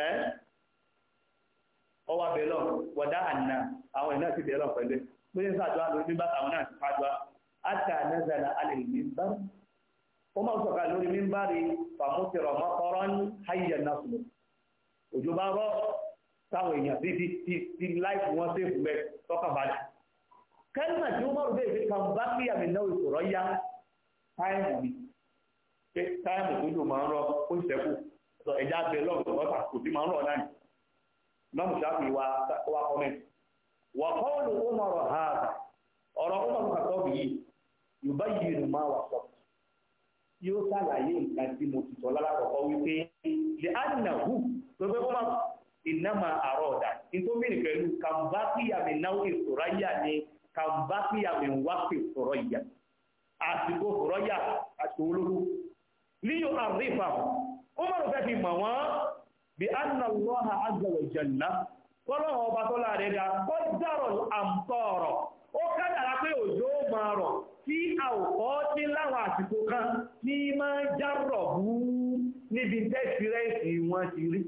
ẹ́ ọwọ́ abẹ́lọ́ wọ̀dá àná àwọn ìná sì bẹ̀rẹ̀ pẹ̀lú pé ń sàdúrà lórí mímbà àwọn náà ti fàdúrà àtà nàzàlà alẹ́ mímbà ó máa sọ̀ka lórí mímbà rí fàmútìrọ̀ mọ́kọ́rọ́ ní hayíyà náà sùn òjò bá rọ́ táwọn èèyàn ti ti ti láìpù wọn sí ìfúnbẹ́ tọ́kàbalẹ̀ kẹ́lí táìmù ni pé táìmù tó jò máa ń rọ ó sì sẹ́kù sọ ẹ̀já bẹ lọ́ọ̀rù lọ́ta kò sí máa ń rọ náà ni lọ́mù sáfì wa wa kọ́mẹ̀tì wà kọ́ọ̀lù ó mọ̀ ọ̀rọ̀ ha ọ̀rọ̀ ó mọ̀ kàtọ́ bì yìí yorùbá yìí nù máa wà sọ yóò ṣàlàyé nǹkan tí mo ti sọ lálàkọ̀kọ́ wípé the anahu tó fẹ́ kó máa ìnáma ọ̀dà nítorí pẹ̀lú kàmbákìyàmì náà ìsòráyà ni kàmbákìyàmì wákì ìsòráyà àsìkò rọ́yà àsìkò olóko líyò àrífà ó mọ̀rọ̀ fẹ́ fi mọ̀ wọ́n bí annallaha azza wa jalla kọ́lọ́wọ́ ọba tó láàrẹ̀ dá kọ́ àmtọ́ọ̀rọ̀ ó kádàrá pé òjò máa tí a ò kọ́ láwọn àsìkò kan ní járọ̀ bú níbi wọn ti rí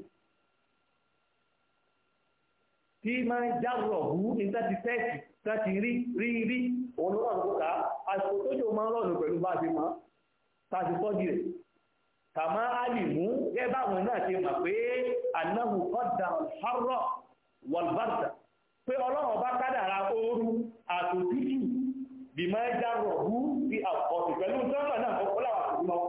tí járọ̀ láti rí rí rí òun ló rọrùn kókà àsìkò tó jò máa ń rọrùn pẹ̀lú bá a ṣe mọ́ tá a ṣe tọ́jú rẹ̀ tàmá àlì mú gẹ́gẹ́ báwọn náà ṣe mọ̀ pé anáhùn kọ́dà ọ̀hárọ̀ wọ̀lbàdà pé ọlọ́run bá kádàrá ooru àtòtútù bí máa já rọ̀bú bí àkọ́sì pẹ̀lú sọ́nà náà kọ́kọ́ láwọn àkókò lọ.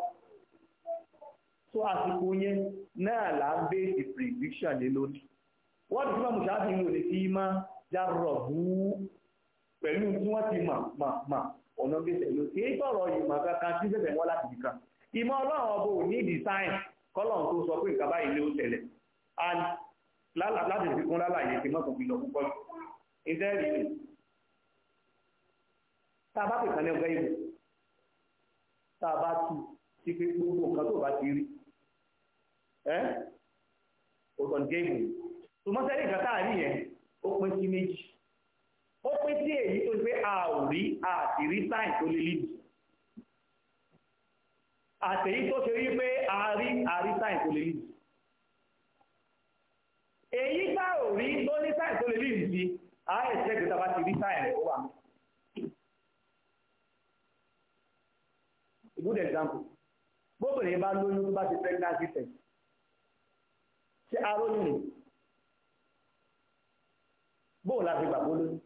tó àsìkò yẹn náà là ń bẹ́ ti prediction lé lórí. wọ́n ti fún àmùsà àfihàn òní pẹ̀lú tí wọ́n ti mọ̀ mọ̀ mọ̀ ọ̀nà gbèsè ló ti gbọ́rọ̀ ìmọ̀ kankan tí bẹ̀bẹ̀ wọ́n láti nìkan ìmọ̀ ọlọ́run ọbọ̀ ò ní design kọ́lọ̀ tó sọ pé nǹkan báyìí ló tẹ̀lẹ̀ and láti fi kún lálàyé ti mọ́tò fi lọ púpọ̀ ìtẹ́rì ni tá a bá pè kán ní ọgbẹ́ ìbò tá a bá tu sí pé gbogbo nǹkan tó bá ti rí ẹ́ òtọ̀ ní géèmù tòmọ́sẹ́rì nǹkan tá a rí yẹn ó pín sí méjì ó pé sí èyí tó pé a àti rí sáìn tó lè lìdì àtèyí tó ṣe rí pé a rí àrí sáìn tó lè lìdì èyí tá rí tó ní sáìn tó lè lìdì a ẹ̀sẹ̀ ti rí sáìn rẹ̀ ó wà good example bóbìnrin bá lóyún tó bá ti pregnancy test ṣé aróyún ni bóò la gbàgbó lóyún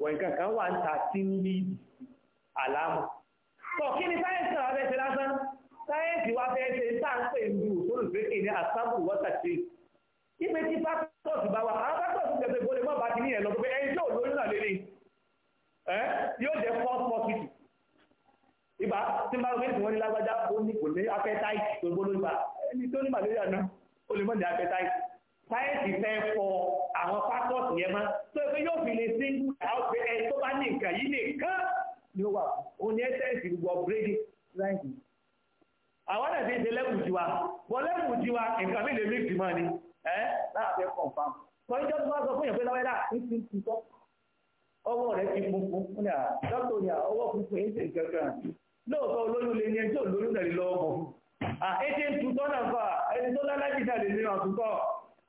wọ̀nyí kankan wà ń ta tí ń lé àlámù tọ̀ kí ni sáyẹ́ǹsì náà fẹ́ ṣe lásán sáyẹ́ǹsì wa fẹ́ ṣe tá à ń pè ní òṣòlùfẹ́kì ní àsábù wọ́tàṣe ibi tí pásítọ̀sì bá wà àwọn pásítọ̀sì gbẹ̀gbẹ̀ gbọ́dọ̀ mọ́ bá ti ní ẹ̀ lọ pé ẹni tí ò lóyún náà lélẹ̀ ẹ́ yóò jẹ́ false positive ibà tí n bá gbé tí wọ́n ní lágbájá ó ní kò ní appetite tó gbóló ẹni tó ní malaria náà ó lè mọ̀ ní appetite sáyẹ̀nsì fẹ́ fọ àwọn pásọ̀tì yẹn mọ́ tó pé yóò fi lè sí àwọn pé tó bá ní nǹkan yìí nìkan ni ó wà fún òun ní gbogbo bírèdì sáyẹ̀nsì. àwọn náà ti ṣe lẹ́kùn tiwa bọ́ lẹ́kùn tiwa nǹkan mi lè mí ti mọ́ ni ẹ́ láàbẹ̀ kọ̀ǹfàm. kọ́ńtà tó bá sọ fún yẹn pé lọ́wọ́ ti ń tutọ́ ọwọ́ rẹ̀ ti funfun fún yà dọ́tò yà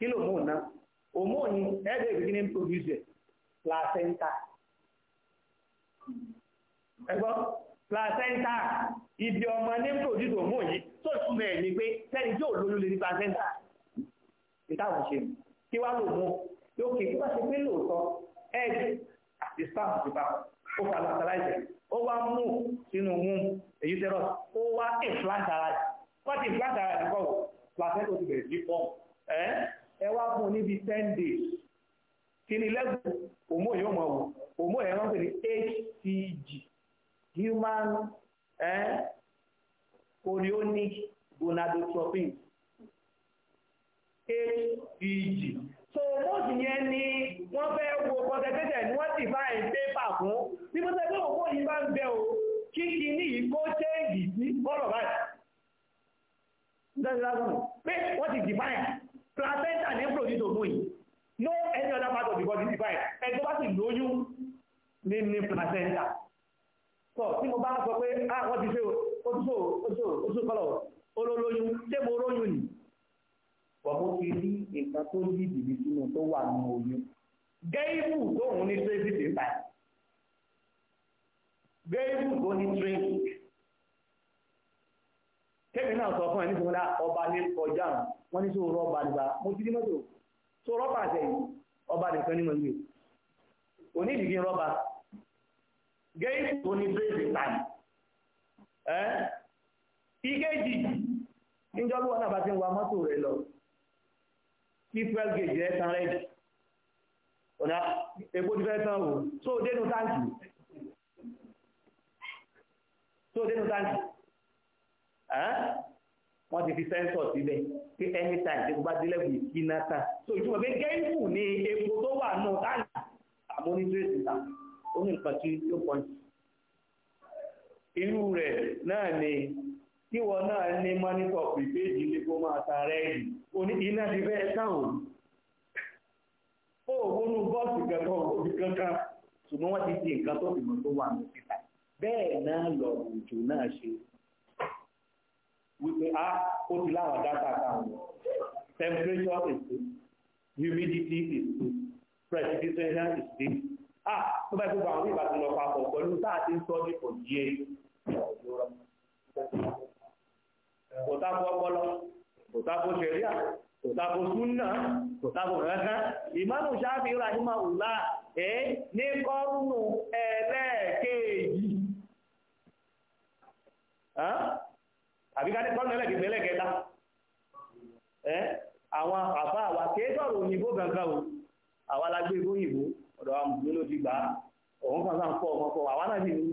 kí ló mún náà hormone ni ẹ̀ẹ́dẹ̀ ìgbìgbì ní produce ẹ̀ placenta ẹgbọ́ placenta ibi ọmọ ní produce hormone yìí tó túnmọ̀ ẹ̀ ní pé sẹ́ni tí ò lóyún lè ní placenta ìtàwọn ṣe kí wá lò mú lókè tí wá ṣe pé lóòótọ́ egg àti sperm ti bá ó fa lactalize ó wá mú sínú womb èyí tẹ́rọ ó wá implant ara rẹ̀ wọ́n ti implant ara rẹ̀ kọ́ placenta ti bẹ̀rẹ̀ sí fọ́ọ̀mù ẹ wá fún níbi ten days kí ni lẹ́gùn òmò omo mọ̀ wò òmò wọ́n pè ní hcg human chorionic gonadotropin hcg so mọ́ọ̀sì yẹn ni wọ́n fẹ́ wo concentration ni wọ́n sì bá ẹ̀ pépà fún bí mo sọ pé òkú yìí bá ń bẹ o kí kí ní ìkó chéǹgì sí bọ́ọ̀lù báyìí. pé wọ́n ti placenta ní produce hormone yìí no any other part of the body divide ẹni tó bá sì lóyún ní ní placenta so tí mo bá sọ pé ah wọ́n ti ṣe o ti ṣe o ti ṣe o ti ṣe kọ́lọ̀ olólóyún ṣé mo róyún ni ọmọ ti rí nǹkan tó ní ìdìbì sínú tó wà nínú oyún gẹ́ìbù tóun ní twenty twenty five gẹ́ìbù tó ní twenty kẹ́mi náà sọ fún ẹ nítorí wọn ọba ní ọjà wọn ní sóòrò ọba nígbà mo ti ní mọ́tò tó rọ́bà àtẹ yìí ọba nìkan ní mọ̀lúwẹ̀ òní ìdìgí rọ́bà gẹ́yìn tó ní bírèdì tàbí ẹ́ ìkejì níjọ́ bí wọn náà bá ti ń wa mọ́tò rẹ lọ kí fuel gauge rẹ tán rẹ jù ọ̀nà epo ti fẹ́ tán o tó dénú táǹkì tó dénú táǹkì. wọ́n ti fi sẹ́ńsọ̀ síbẹ̀ pé anytime tí mo bá délẹ̀kùn náà tà so ìtumọ̀ pé gẹ́ǹkù ni epo tó wà náà táyà àmónítírèsì ta ó ní nǹkan tí ó pọ̀ jù irú rẹ̀ náà ni tí wọ́n náà ní mọ́nítọ̀ rẹ ní kó máa ta iná ti fẹ́ sáwọn ó bọ́ọ̀sì kankan òbí kankan ṣùgbọ́n wọ́n ti di nǹkan bẹ́ẹ̀ náà wípé a ah, ó ti láwọn data kan temperature is this humidity is this precipitation is this a ah, tó bá gbogbo àwọn ìgbà tó lọ papọ̀ pẹ̀lú tá a ti ń sọ́ọ́ ní kò yé kò tábù ọpọlọ kò tábù ṣẹ̀ríà kò tábù súnà kò tábù kankan ìmáàmù Ṣáfi'í rahimahullah ẹ́ ní kọ́rùnù ẹlẹ́ẹ̀kejì àbí ká ní kọ́nà ẹlẹ́gbẹ̀ẹ́ ẹlẹ́gẹ̀ẹ́ta ẹ́ àwọn àbá àwa kéétọ̀rọ̀ òyìnbó gangan o àwa la gbé góyìnbó e ọ̀dọ̀ àwọn mùsùlùmí ló ti gbà á òun kan sáà ń kọ́ ọmọ kọ́ àwa náà sì ń rú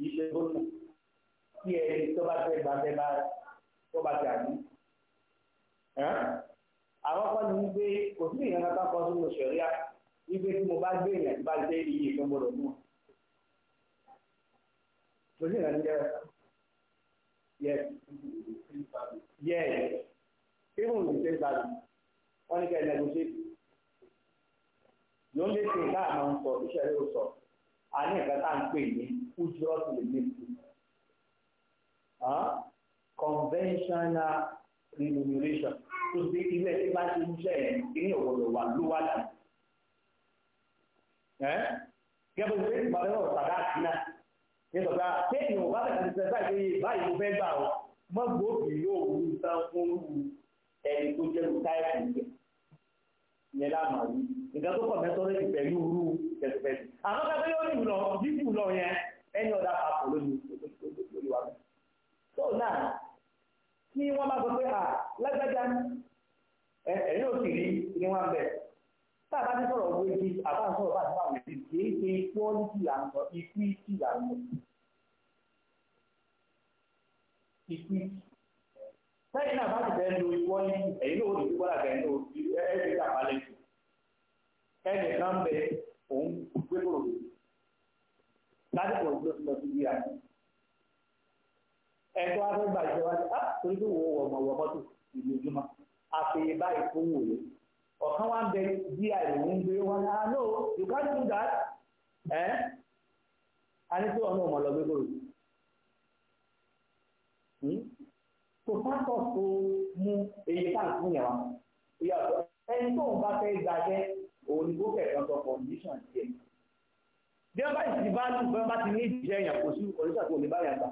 kì í ṣe gómìnà kí ẹni tó bá fẹ́ gbà fẹ́ bá tó bá ti àní. àwọn kan ní wípé kò sí ìyẹn kankan kan sínú ṣẹ̀ríà wípé tí mo bá gbé èèyàn tí bá jẹ́ iye ìfẹ́ gbọdọ̀ mú. kò sí ìyẹn jẹ́ yes yes even with the same value wọ́n ní kẹ́ ẹ̀ negotiate ló lè ṣe ìlànà sọ iṣẹ́ rẹ̀ ó sọ a ní ẹ̀ka tá à ń pè ní ujurot limiti conventional remuneration tó ti ilé tí bá ti ń jẹ́ ẹ̀ ní òwòlò wà lówàdà gẹ́gẹ́ bí wọ́n ti bàbá náà sàdá àkínà ní sọ̀tà pé ìwọ̀n bá tẹ̀ka ti sẹ́sà ìpéye báyìí mo fẹ́ gbà ọ́ mọ́gbòógì yóò wú sán fún ẹni tó jẹ́ lu yẹn yẹn láàmà wí nǹkan tó kọ̀ mẹ́tọ́rẹ́jì pẹ̀lú irú pẹ̀sìpẹ̀sì àmọ́ ká bẹ́ẹ̀ lórí ìlọ dídì lọ yẹn ẹni ọ̀dà papọ̀ lónìí olùwà mi. tó náà tí wọ́n bá sọ pé à lágbájá ẹ̀yìn ò sì rí ni wọ́n bẹ̀ tá a bá ti sọ̀rọ̀ owó ibi àbá ń sọ̀rọ̀ bá ti bá wọ̀ sí kì í ṣe pọ́lìtì là ń sọ ikú ìtì là ń sọ ikú ìtì sẹ́yìn náà bá ti bẹ́ẹ̀ lo ìwọ́ ní ẹ̀yìn náà ó ti gbọ́dọ̀ bẹ́ẹ̀ lo ẹ̀ẹ́dì àbálẹ̀ jù ẹnì kan bẹ òun gbé kòrò lásìkò ìgbésí lọ sí bí i àná ẹ̀kọ́ afẹ́gbà ìjọba ti ah, torí pé wo wọ̀ ọmọ mọ́tò ìlójúmọ́ àfihàn báyìí fún wòye ọ̀kan wá ń bẹ bí àìlòun gbé wọn náà ah, no you can't do that ẹ́ a ní tí ọ̀nà ọmọ lọ gbé kòrò tó pásọ̀ tó mú èyí tá à ń fún yàn wá ìyàtọ̀ ẹni tó ń bá fẹ́ gbajẹ́ òun ni gókè kan sọ condition tiẹ̀ bí wọ́n bá ti bá lù bí wọ́n bá ti ní ìjẹ́ èèyàn kò sí condition tó lè bá yàn gbà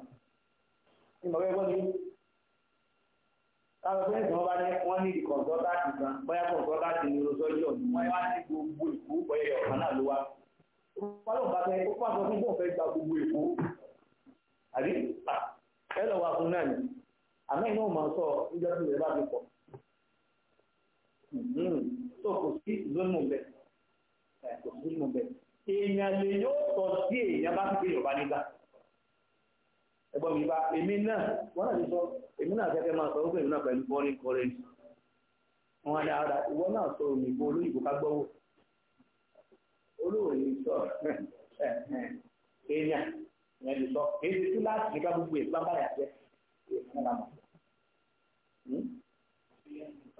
ní mọ̀ bẹ́ẹ̀ gbọ́n mi káwọn fẹ́ẹ́ sọ bá ní wọ́n ní ìkọ̀ǹtọ́tàtì kan bóyá kọ̀ǹtọ́tàtì ní olùsọ́jọ́ wọ́n wá sí gbogbo ìkú bóyá ọ̀kan náà ló wá. wọ́n bá fẹ́ ó pàṣọ àmọ́ iná ò máa sọ ìjọ tí ìrẹ́ bá fi pọ̀ tó hmm. kò sí ìzónú bẹ́ẹ̀ kò sí ìzónú bẹ́ẹ̀ èèyàn lè yóò sọ sí èèyàn bá fi yorùbá nígbà ẹ̀gbọ́n mi bá èmi náà wọn náà ti sọ èmi náà kẹkẹ máa sọ wípé èmi náà pẹ̀lú bọ́ọ̀lì kọrin wọn á dára ìwọ náà sọ òyìnbó olóyìnbó ká gbọ́wọ́ olóòrè sọ [LAUGHS] èèyàn ìyẹn lè sọ èyí tí láti ní bá gbogbo èèyàn bá èèyàn náà mọ.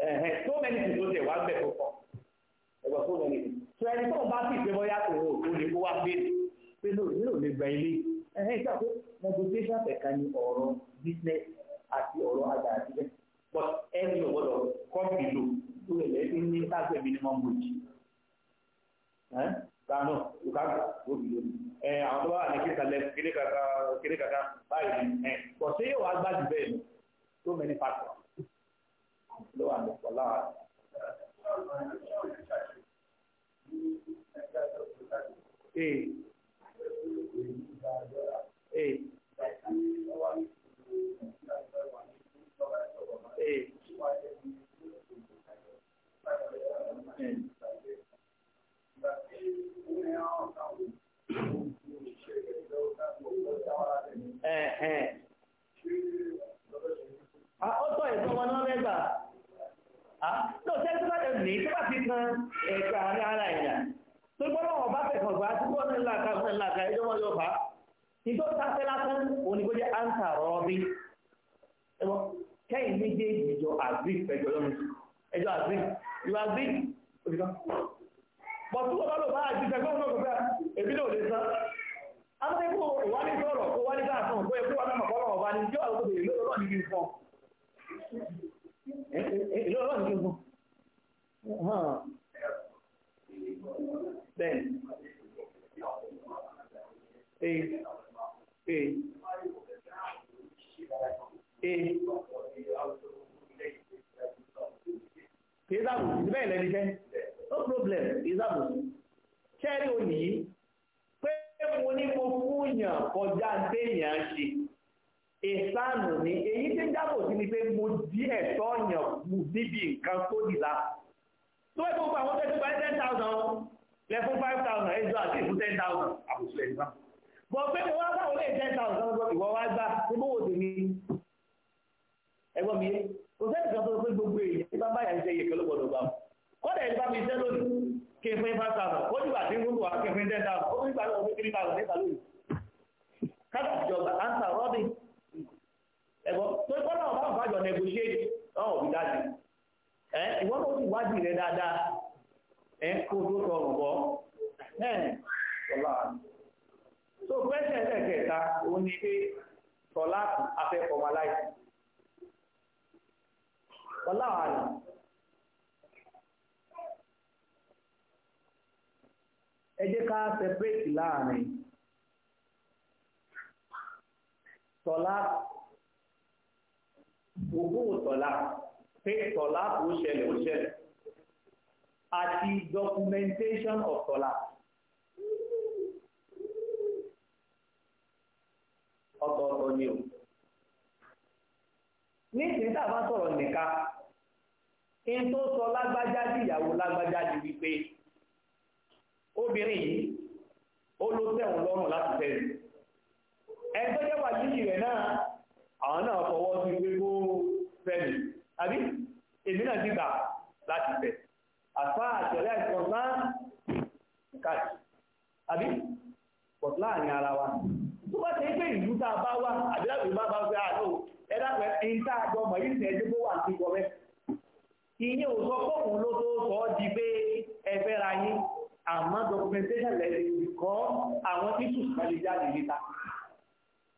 ẹ̀hẹ̀ so many tó tẹ̀ wá bẹ̀ tó kọ́ ẹ̀gbọ́n so mẹ́ni so ẹni tó ń bá sì pé bọ́yá kò lè kó wá gbé pé gba ilé ẹ̀hẹ̀ ìgbà pé negotiation ẹ̀ka ni ọ̀rọ̀ business àti ọ̀rọ̀ àgbà àtijọ́ but ẹni ò gbọ́dọ̀ kọ́ọ̀tì lò tó lè lẹ́sìn ní sáfẹ́ minimum wage kanu ìkágbà lóbi lóbi ẹ àwọn tó bá wà ní kíkà lẹ kéré kàkà báyìí ẹ pọ̀ sí yóò wá gbájú bẹ́ẹ̀ ni ló wà ní pọ̀ láàárọ̀. Ee. ìfọwọ́nà lẹ́gbàá tó sẹ́ni tó bá tẹ̀ ní tó bá fi kan ẹ̀ka ní ara ẹ̀yà tó gbọ́dọ̀ wọn bá fẹ̀kọ̀ gbà tó gbọ́dọ̀ ńlá ka fún ńlá ka ẹjọ́ wọn yóò bá ìjọ sáfẹ́ lásán òní kó jẹ́ áńtà rọ́ọ̀bì kẹ́yìn méjèèjì ìjọ àgbì ẹjọ́ lọ́nu ẹjọ́ àgbì ìwà àgbì òbí kan bọ̀ tó wọ́n bá lò bá àgbì ìjọba ọ̀nà ọ̀gbẹ́ èmi náà lè sá amúnibó ìwádìí sọ̀rọ̀ kó wálé dáàtàn kó ẹkú wà náà mọ̀kọ́ ọ̀rọ̀ ọ̀bá ni yóò àwọn obìnrin lọ́rọ̀ níbi nǹkan èlò ọlọ́run ní gbogbo bẹ́ẹ̀ ee ee ee kìí sábò bẹ́ẹ̀ lẹ́ni jẹ́ no problem kìí sábò ṣẹ́rí òní pé mo ní mo fún yàn kọjá téèyàn ṣe ìsánù ni èyí tí ń dábò sí ni pé mo di ẹ̀tọ́ yàn kù níbi nǹkan tó dìlà tó wẹ́ gbogbo àwọn tẹ́tí bá ten thousand lẹ fún five thousand ẹ̀zọ́ àti ìfún ten thousand àbùsù ẹ̀ nípa bọ̀ pé wọ́n á báwọn lè ten thousand ìwọ wá gbà ní bówó sí ni ẹgbọ́n mi kò sẹ́ni kan tó pé gbogbo èyí tí bá báyà ń ṣe ìyẹ̀kẹ́ ló gbọdọ̀ gbà kọ́dà ẹ̀ bá mi ṣẹ́ lónìí kí n fún five thousand ó dìgbà tí ń wúlò wá kí n fún ten thousand ó dìgbà tí wọ́n ẹ̀gbọ́n pé kọ́nà ọba àbájọ negotiate náà òbí dájú ẹ ìwọ́n tó ti wádìí rẹ dáadáa ẹ kó tó sọ ọ̀rọ̀ bọ́ ẹ ọ̀la so pẹ́sẹ̀ ẹ̀kẹta ó ní pé tọ́lá afẹ́kọ̀ọ́ wa láì ọ̀la àná ẹ jẹ́ ká separate láàrin tọ́lá òkú tọ̀lá pé ṣẹlẹ̀ ó ṣẹlẹ̀ àti documentation of tọ̀lá ọ̀tọ̀ọ̀tọ̀ ni o ní ìsìn bá sọ lágbájá ìyàwó lágbájá di wípé obìnrin yìí ó ló tẹ̀wọ̀n lọ́rùn láti tẹ̀lé ẹgbẹ́ àwọn náà fọwọ́ sí pé kó fẹ́mi àbí èmi náà ti gbà láti fẹ́ àfá àtẹ̀lẹ́ ìkan náà káàkiri àbí pọ̀ láàrin ara wa tó bá ṣe pé ìlú tá a bá wá àbí láti bá bá fẹ́ ah, àlọ́ a gbọ́ mọ̀ yìí tẹ̀ ẹdínwó wà sí gọ́mẹ́ ìyẹn ò sọ fóun ló tó sọ ọ́ di pé ẹ fẹ́ ra yín àmọ́ documentation lẹ́yìn àwọn títù kan jáde níta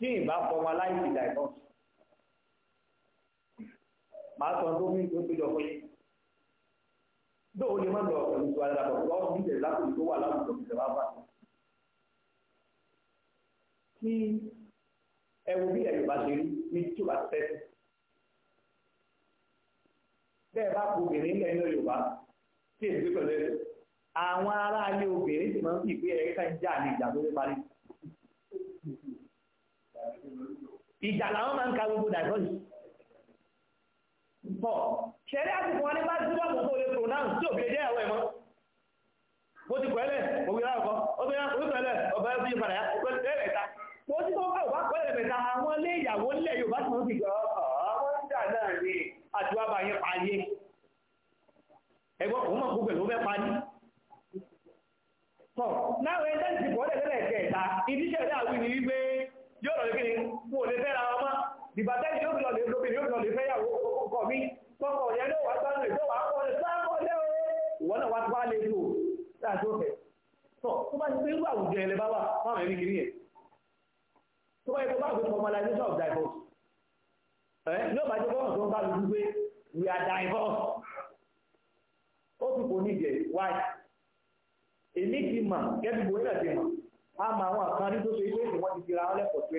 tí ìbá fọmọ aláìsí divorce máa sọ tó ní tó péjọ fún yín dóò lè má lọ pẹ̀lú tó ara pọ̀ lọ́wọ́ ní ìṣẹ̀lẹ̀ lákòókò tó wà láwùjọ ìṣẹ̀lẹ̀ wá bá tí ẹ wo bí ẹ̀yọ̀ bá ṣe rí ní tí ó bá tẹ́sí bẹ́ẹ̀ bá kú obìnrin ilẹ̀ ilẹ̀ Yorùbá tí èdè pẹ̀lú ẹ̀rọ àwọn ará obìnrin sì máa ń fi ìgbé ẹ̀ka ń jà ní ìjà parí ìjà làwọn máa ń ka gbogbo dàgbọ́sì pọ̀ ṣẹ̀rí àsìkò wọn nípa tí wọ́n kò lè pronounce tí òbí lè jẹ́ ìyàwó ẹ̀ mọ́ mo ti pẹ̀lẹ̀ òbí láwọn kan òbí pẹ̀lẹ̀ ọ̀bẹ bí padà yá pẹ̀lẹ̀ ẹ̀ta mo ti kọ́ bá òbá pẹ̀lẹ̀ mẹ́ta àwọn ilé ìyàwó nílẹ̀ Yorùbá tí wọ́n ti gbọ́ àwọn ìjà náà ni àtiwá bá yẹn pa yé ẹgbọ́n òun mọ̀ gbogbo ẹ̀ ló fẹ́ pa ní. tọ́ náà ẹ̀ fẹ́ra wọn ìbàtẹ́ yóò fi lọ́lẹ̀ lóbi yóò fi lọ́lẹ̀ fẹ́yàwó kọ̀ mí yẹn ló wà sánú ìlú wà kọ́ lẹ̀ sáàkọ́ lẹ́ o ìwọ náà e ti tó fi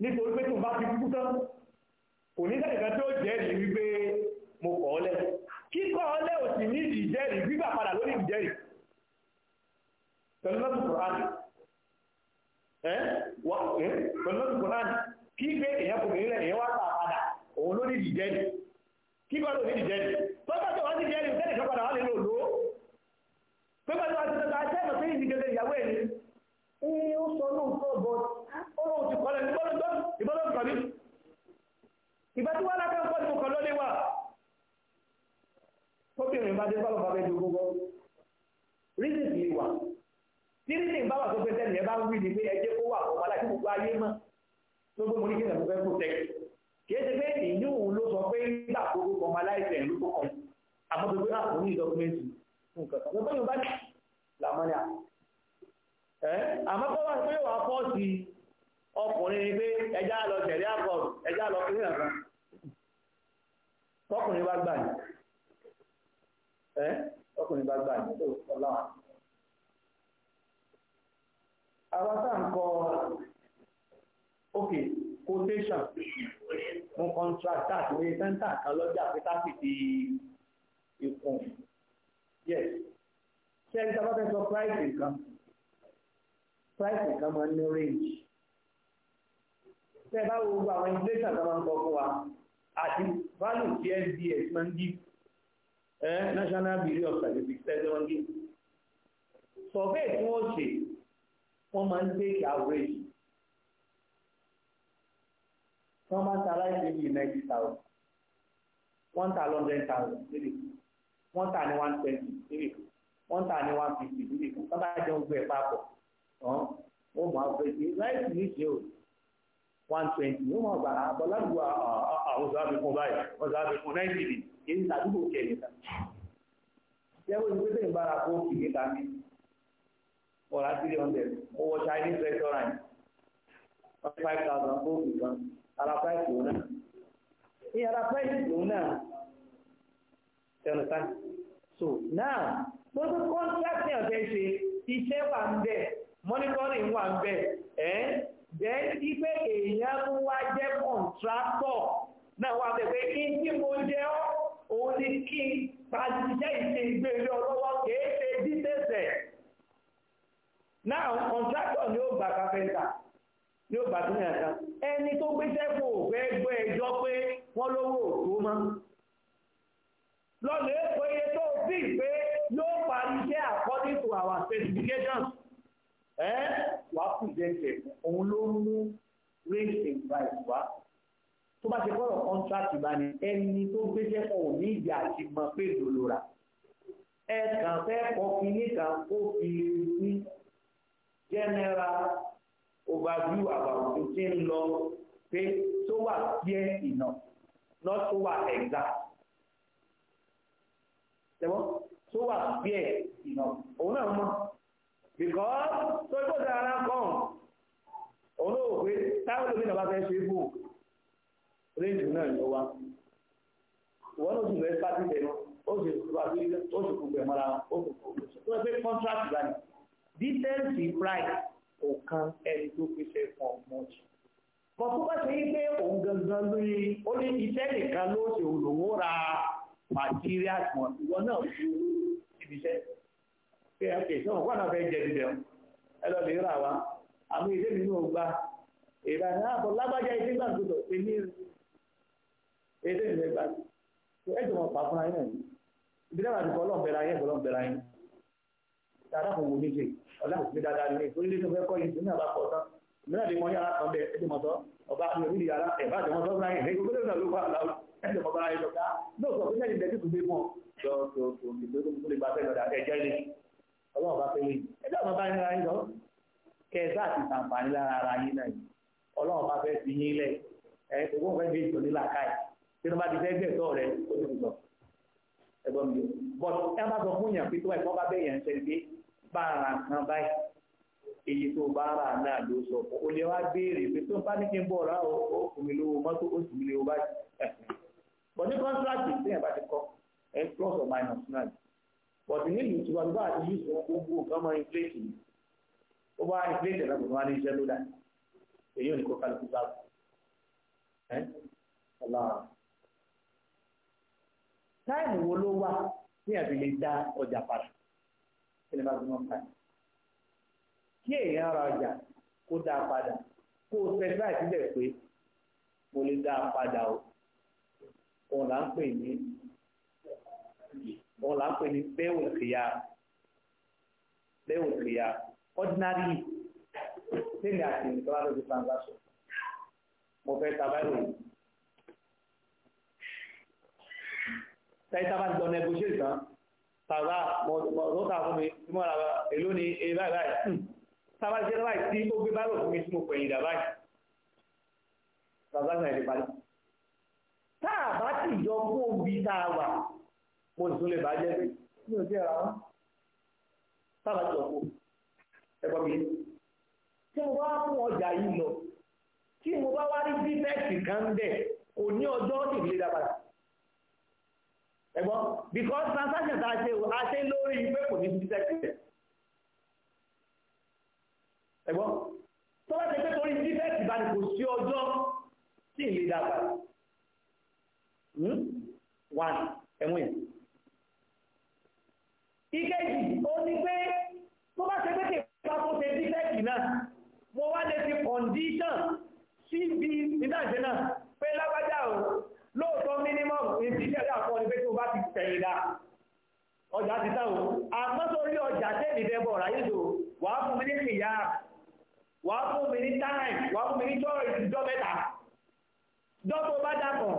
nítorí pé tó bá ti kú tán kò ní sẹ́nìkan tó jẹ́rìí wípé mo kọ̀ ọ́ lẹ̀ kíkọ̀ ọ́ lẹ̀ ò sì ní ìjẹ́rìí gbígbà padà lórí ìjẹ́rìí pẹ̀lú lọ́sùn kùránì ẹ́ wọ́n pẹ̀lú lọ́sùn kùránì kí pé èèyàn kò ní lẹ̀ èèyàn wá tà padà òun ló ní ìjẹ́rìí kíkọ́ ló ní ìjẹ́rìí tó bá tó wá sí ìjẹ́rìí sẹ́nìkan padà wá lè lò lò ó pé pẹ̀lú àti tẹ̀tẹ̀ àti ẹ̀mọ̀ pé ìdíje ìyàwó ẹ̀ ni ó sọ lóòótọ́ bọ́ọ̀tì ó ti kọ́lẹ̀ ìbọ́lọ́gbọ́n ìbọ́lọ́gbọ́n mi ìgbà tí wọ́n lákà ń kọ́ ní mọ̀kàn lọ́lé wà tóbìnrin bá dé bọ́lọ̀ bá bẹ́ di orúkọ rídìn sì wà tí rídìn bá wà tó pé tẹ́lẹ̀ bá ń wí ni pé ẹjẹ́ kó wà ọmọ aláìsí gbogbo ayé mọ́ tó gbé mo ní kí n fẹ́ protect kì í ṣe pé ìyún òun ló sọ pé nígbà tó gbogbo ọmọ aláìsí ẹ̀ ló kọ́ àmọ́ tó gbé àpò ah, ní ìdọ́kúmẹ́ntì nǹkan kan lọ́gbọ́n yóò bá ní làmọ́ni à ẹ́ àmọ́ kọ́ wà pé wà á fọ́ọ̀sì ọkùnrin ni pé ẹjá lọ tẹ̀lé àkọọ̀rù ẹjá lọ kí nìyàn kan tọkùnrin bá gbà ní ẹ tọkùnrin bá gbà ní tó ọláwà àwọn ń kọ okay quotation mo contract àti oye sẹ́ńtà kan lọ́jà pé tásìtì ìkùn yes ṣé ẹni tí a bá fẹ́ sọ price nǹkan price nǹkan máa ń ní range tẹ́ bá wo gbogbo àwọn inflation tó máa ń kọ fún wa àti value tí sds máa ń gí ẹ national bureau of statistics tẹ́lẹ̀ wọ́n gí survey tí wọ́n ṣe wọ́n máa ń take average wọ́n máa ń ta láìsí ní ninety thousand wọ́n ta hundred thousand níbi wọ́n ta ní one twenty níbi wọ́n ta ní one fifty níbi wọ́n bá jẹun gbé papọ̀ wọ́n mọ̀ àwọn fèsì láìsí ní ìṣe òòlù. 120 yóò máa gbà àbọ̀lágbà ah, ah, ah, àwọn ọ̀sáàfikún báyìí ọ̀sáàfikún 90 ní èyí tàbíkò kẹ̀lẹ́ta yẹ́wò ní pé tẹ́yìn bára kó kìí ta ní ọ̀rá 300 owó Chinese 5,000 kó kìí kan ara price lòun náà ní ara price lòun náà tẹnusán so now gbogbo contract ní ọ̀fẹ́ ṣe iṣẹ́ wà ń bẹ̀ monitoring wà ń bẹ̀ then ipe èèyàn tó wá jẹ́ contractor náà wà bẹ̀ pé kí tí mo jẹ́ ọ́ òun ni kí pàṣíṣẹ́ ìṣe ìgbèrè ọlọ́wọ́ kìí ṣe dídẹ̀sẹ̀ now contractor ni ó gbà káfẹ́ńtà ni ó gbà tó ní àká ẹni tó gbéṣẹ́ fún òfẹ́ gbọ́ ẹjọ́ pé wọ́n lówó òkú mọ́ lọ́nà èkó iye tó fi pé yóò parí iṣẹ́ according to our specifications wà á kùn jẹ́jẹ́ òun ló ń mú raise in price wá tó bá ṣe kọ́rọ̀ contract bá ní ẹni tó gbéṣẹ́ kan ò ní ìjà àti mọ pé lòlò rà ẹ kàn fẹ́ kọ́ kínní kan ó fi ní general overview about the thing lọ pé tó wà clear enough not tó wà exact ṣẹ́wọ́n tó wà clear enough òun náà mọ̀ because tó tó dára kan òun ló pé táwọn olómìnira bá fẹ́ ṣe é fún rédíò náà ló wá wọ́n ló sùn lẹ́sí pàtí lẹ́nu ó sì wà sí ó sì gbogbo ẹ̀mọ́ra ó sì gbogbo tó pé contract lánìí dítẹ́ǹsì price kò kan ẹni tó fi ṣe fún ọmọ jù kò tó bá ṣe pé òun gangan lórí ó ní iṣẹ́ nìkan ló ṣe olówó ra materials mọ̀ ìwọ náà fi ibi iṣẹ́ pé ẹ̀kẹ́ ìṣọ́wọ̀n kọ́nà fẹ́ jẹ dídẹ̀ ẹ lọ lè rà wá àmì ìdé mi náà gba ìlànà àbọ̀ lágbájá ìdí gbà gbọdọ̀ pé ní ìdé mi gbà tó ẹ jọmọ pa fúnra yín náà ìdílé àti fọlọ́ọ̀bẹ̀rẹ̀ ayé fọlọ́ọ̀bẹ̀rẹ̀ ayé dáadáa kò wò ní ṣe ọ̀la kò fi dáadáa ní ìfúnilé tó fẹ́ kọ́ yìí tó ní àbá pọ̀ tán mìíràn lè mọ yàrá kan bẹ ẹjọ mọ̀tọ́ ọba àti òbí yàrá ẹ̀bá àjọmọ́ sọ́kùnrin ayé ẹ̀jẹ̀ gbogbo náà ló wà láwù ẹjọ mọ̀ bá ayé lọ ká lóòótọ́ fún ẹ̀jẹ̀ ìdẹ́jú ọlọ́run bá fẹ́ wéyìn ẹjọ́ ọmọ bá yín ara yín lọ kẹsà àti sàǹfààní lára ara yín náà ọlọ́run bá fẹ́ fi yín lẹ̀ ẹ ogún fẹ́ gbé ìtòlí làákàyè tí wọ́n bá ti fẹ́ gbẹ̀tọ́ rẹ ó ti sọ ẹgbọ́n mi but ẹ má sọ fún yàn pé tó ẹ̀ kọ́ bá bẹ́ẹ̀ yàn ṣe pé bá ara kan báyìí èyí tó bá ara náà ló sọ o lè wá béèrè pé tó bá ní kí n bọ̀ ọ̀rá o kùn mí lówó mọ́tò ó sì mí lówó báyìí but ní kọ́ńtíráàtì tí yàn bá ti kọ́ ẹ plus or minus náà but nílùú tí wọ́n gbà àti yìí sọ gbogbo nǹkan máa ń inflate yìí ó bá inflate náà gbogbo àti iṣẹ́ ló dà èyí ò ní kó kálukú bá wù ẹ́ ọlọ́run táìmù wo ló wà ní àbí lè dá ọjà padà kí ni bá gbọ́n ká kí èèyàn ra ọjà kó dá a padà kó o sẹ́gbà ìdílé pé mo lè dá padà o òun là ń pè ní wọn là ń pè ní bẹ́ẹ̀wò kìyà bẹ́ẹ̀wò kìyà ordinary lẹ́yìn àti nìkan láti fi transaction mo fẹ́ ta báyìí ròyìn. tẹ́tà bá ti dọ̀ negotiate tán tàbá mọ̀ọ́ta fún mi tí mo ra èló ni èyí báyìí báyìí hmm. tàbá ti ṣe báyìí tí ó gbé báyìí fún mi tí mo pẹ̀yìn dà báyìí transaction ẹ̀ lè parí. tá a bá ti jọ fún omi tá a wà mo sì tún lè bá jẹ́ pé mi ò sí ẹ̀rọ àwọn sábà jọ kó ẹ̀kọ́ mi tí mo bá fún ọjà yìí lọ tí mo bá wá rí bíbẹ́ẹ̀sì kan bẹ̀ kò ní ọjọ́ ìlera padà ẹ̀gbọ́n because transaction tá a ṣe a ṣe lórí pé kò ní bíbẹ́ẹ̀sì rẹ̀ ẹ̀gbọ́n tó bá ṣe pé torí bíbẹ́ẹ̀sì bá ní kò sí ọjọ́ tí ìlera padà hmm? one ìkejì ó ní pé tó bá ṣe pété bá tó ṣe dífẹ́ẹ̀tì náà mo wá lè fi kọ̀ǹdíṣàn síbi ìdájẹ́ náà pé lágbájá o lóòótọ́ minimum ìdíjẹ́ dà fún ọ ní pé tó bá ti o àmọ́ sórí ọjà tẹ́lì bẹ́bọ̀ ráyé tó wàá fún mi ní ìyá wàá fún mi ní time wàá fún mi ní jọ́ dàpọ̀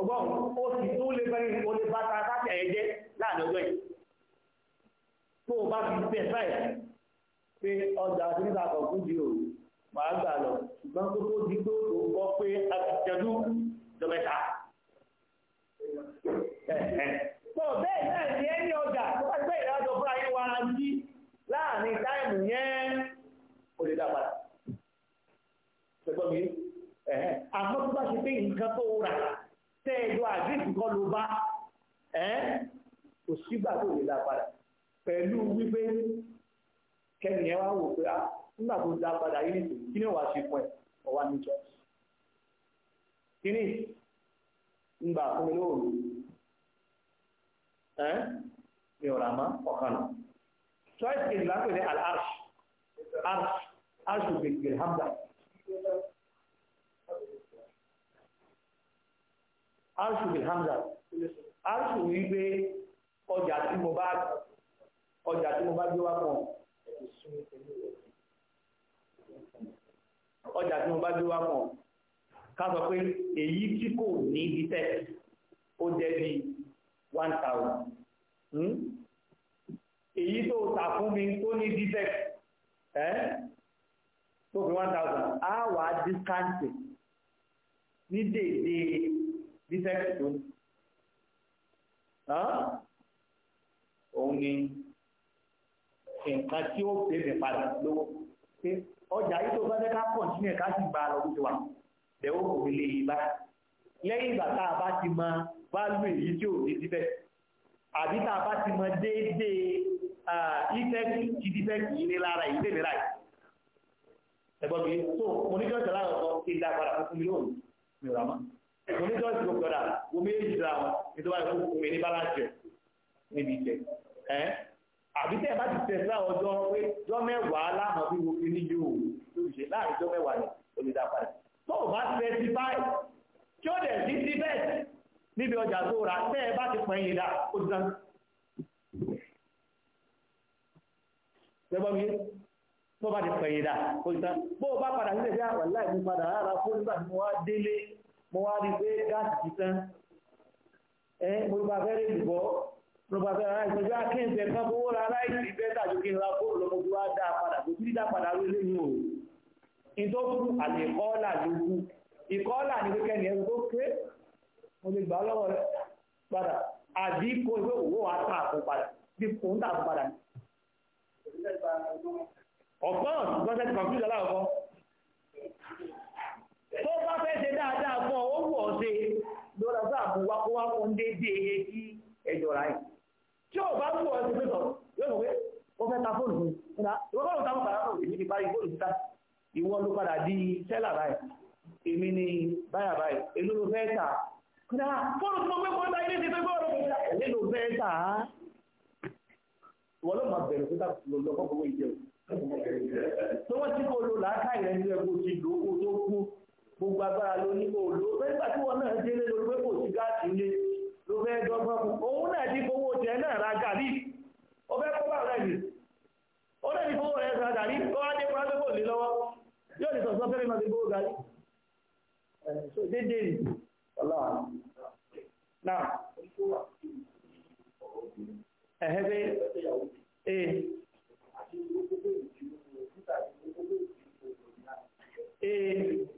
ọgbọ́n ó sì tún lè fẹ́ olè bá ta sáfẹ́ ẹ̀jẹ̀ láàrin ọjọ́ yìí tó o bá fi bẹ̀ báyìí pé ọjà nígbà kọ̀ọ̀kú di o wàá gbà lọ ṣùgbọ́n tó tó di tó tó gbọ́ pé a ti jẹjú jọmẹta. tó bẹ́ẹ̀ náà ní ẹni ọjà tó bá gbé ìdájọ́ fúnra yín wá sí láàrin táìmù yẹn ó lè dá padà. ṣùgbọ́n mi àmọ́ tó bá ṣe pé nǹkan tó rà tẹ́ ẹ̀dọ́ àdéhùn kan ló bá kò sígbà tó lè dá pẹ̀lú wípé kẹ́ni ẹ wá wò pé ah nígbà tó dá padà yìí nìtò kí ni ó wàá ṣe fún ẹ ọwá ní jọ kí ni ngbà fún mi lóòrùn ẹ mi ò rà má ọ̀kan nà choice kejì láti ní al arsh arsh arsh gbègbè hamza arsh gbègbè hamza arsh wípé ọjà tí mo bá ọjà tí mo bá gbé wá pọ̀ ọjà tí mo bá gbé wá pọ̀ ká sọ pé èyí tí kò ní ìtẹ́ ó jẹ́ bí one thousand hmm? èyí tó tà fún mi tó ní defect ẹ́ tó fi one thousand á wà á discount ní dèdè defect tó ní òun ni nǹkan tí ó bèbè padà lówó pé ọjà yìí tó bá fẹ́ ká pọ̀ sínú ẹ̀ka sì gba lọ́wọ́ ti wà lẹ́wọ́ kò lè yí bá lẹ́yìn ìgbà tá a bá ti mọ válù èyí tí ò ní síbẹ̀ àbí tá a bá ti mọ déédéé ìfẹ́kì ìdífẹ́kì yìí ní lára yìí lè nira yìí ẹ̀gbọ́n mi tó mo ní jọ́ọ̀sì láwọn ọ̀sán kí n dá padà fún mi lónìí mi rà mọ́ mo ní omi èyí ra wọn nítorí wọn fún mi ní báláǹsì níbi ìjẹ àbí tẹ́ bá ti tẹ̀sí àwọn ọjọ́ pé jọ́ mẹ́wàá láàmú bí wo kíní yóò tó ṣe láàrin jọ́ mẹ́wàá ni olùdá padà tó o bá tẹ́ ti báyìí tí ó dẹ̀ sí sí bẹ́ẹ̀ níbi ọjà tó ra tẹ́ bá ti pẹ́ yìí dá ó ti dáná. tẹ́gbọ́n mi tó bá ti pẹ́ yìí dá ó ti dáná bó o bá padà sílẹ̀ bí àwọn aláì mú padà rárá fún nígbà tí mo wá délé mo wá rí pé gáàsì ti tán ẹ mo Rọ̀bàtà aláìsẹ̀jọ́ akẹ́ǹtẹ̀ kan fowó ra láìsí bẹ́tà jù kí n ra fóònù lọ́mọdé wá dáa padà kò sí dá padà lórí lẹ́yìn o. Ìtọ́kù àti ìkọ́ọ́là ló kú. Ìkọ́ọ́là ni pé kẹ́ni ẹ̀rù tó ké. Mo lè gbà lọ́wọ́ rẹ̀ padà. Àbí kó ìwé òwò wa tà fún padà. Bí kò ń tà fún padà ni. bá fẹ́ ṣe dáadáa fún ọ, ó ṣe. Lọ́dọ̀ sáà wá kó wá fún déédéé iye tí ẹjọ́ ra tí ò bá wù ọ́ ẹ̀sìn pẹ̀tọ̀ yóò mọ̀ pé ó fẹ́ ta fóònù fún mi ìwọ kọ́ ló ta mọ̀kàrà fóònù èmi ti parí fóònù síta ìwọ ló padà di sẹ́là báyìí èmi ni báyà báyìí èló ló fẹ́ tà kódà fóònù tí mo gbé kọ́ńtà ilé ti fẹ́ gbọ́ ọ̀rọ̀ kọ́ńtà èlé ló fẹ́ tà á ìwọ ló máa bẹ̀rẹ̀ síta lọ́kọ́ gbogbo ìjẹ tí wọ́n ti kó lo làákà ìrẹ́ nílẹ̀ kó ti lò ó tó kú gbogbo agbára ló ní kó lò ó fẹ́ gbà tí wọn náà délé lórí pé kò sí gáàsì ilé ló fẹ́ dọ́gbọ́n fún òun náà ti fowó jẹ náà ra gàrí ó fẹ́ bá rẹ̀ yìí fowó rẹ̀ ra gàrí wá kò lọ́wọ́ yóò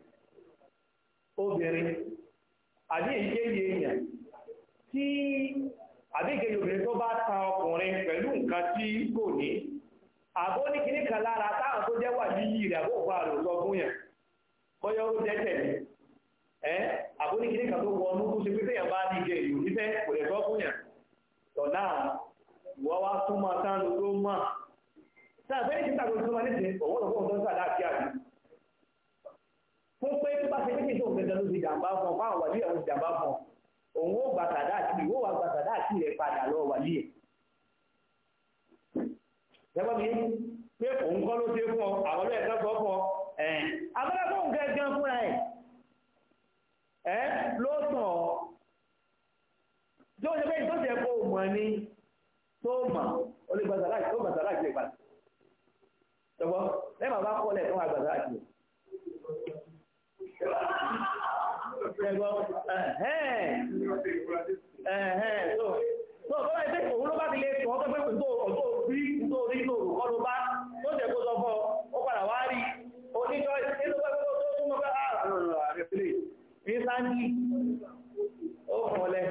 obìnrin àbí èyíkéyìí èèyàn tí àbí èyíkéyìí obìnrin tó bá ta ọkùnrin pẹ̀lú nǹkan tí kò ní àbó ní kan lára táwọn tó jẹ́ wà yíyí rẹ̀ àbó òfin àrò sọ fún yẹn bọ́yọ́ ó jẹ́ tẹ̀lé ẹ́ àbó ní kan tó wọ ọdún tó ṣe pé téèyàn bá ní ìlú kò lè sọ fún ìwọ́ wá tún máa sáà sáà fẹ́ẹ́ ní kó pé tó bá ṣe méjì tóun gẹ́gẹ́ ló ti jàǹbá fún ọ fáwọn wàlíì ọ̀hún ti jàǹbá fún ọ òun ó gba sàdá àti ìwọ wà gba sàdá àti rẹ padà lọ wàlíì ẹ̀. ṣẹ́gbọ́n mi pé òun kọ́ ló ṣe fún ọ àwọn ọlọ́yẹ̀ kan sọ fún ọ abẹ́rẹ́ fún gẹ́gẹ́ fúnra ẹ̀ ẹ̀ ẹgbọ́n ẹ̀hẹ́n ẹ̀hẹ́n tó tó bọ́lá ìpé òun ló bá ti lè tọ́ tó pé kò tó rí tó rí tó rò kọ́ ló bá tó jẹ́ kó sọ fọ́ ó padà wá rí oníjọ́ ìṣẹ́lú pẹ́ tó tó mọ́ pé ààrùn ah, àrẹ̀fẹ́lẹ̀ ní sáńjì ó kọ́lẹ̀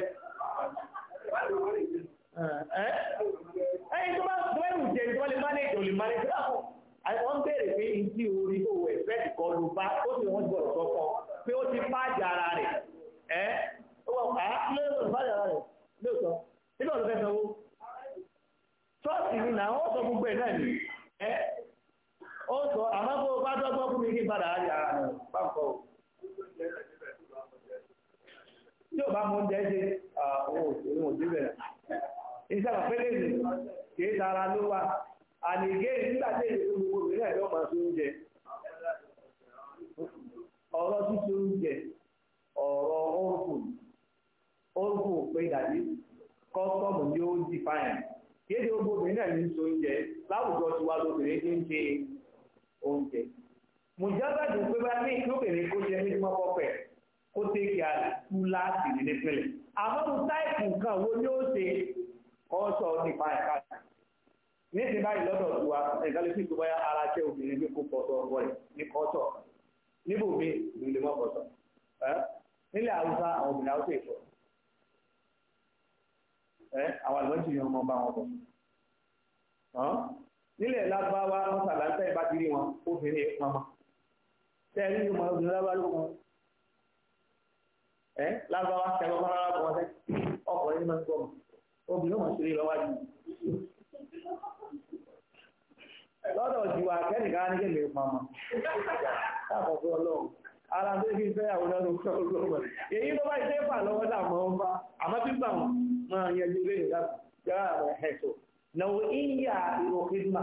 ọlọ́wọ́ èyí tó bá ṣe fà lọ́wọ́ dàmọ́ ọba àmọ́ pípa wọn máa yẹjú lé ìdájọ́ ẹ̀sọ́ náà ìyá ìwọ̀ kìdìmà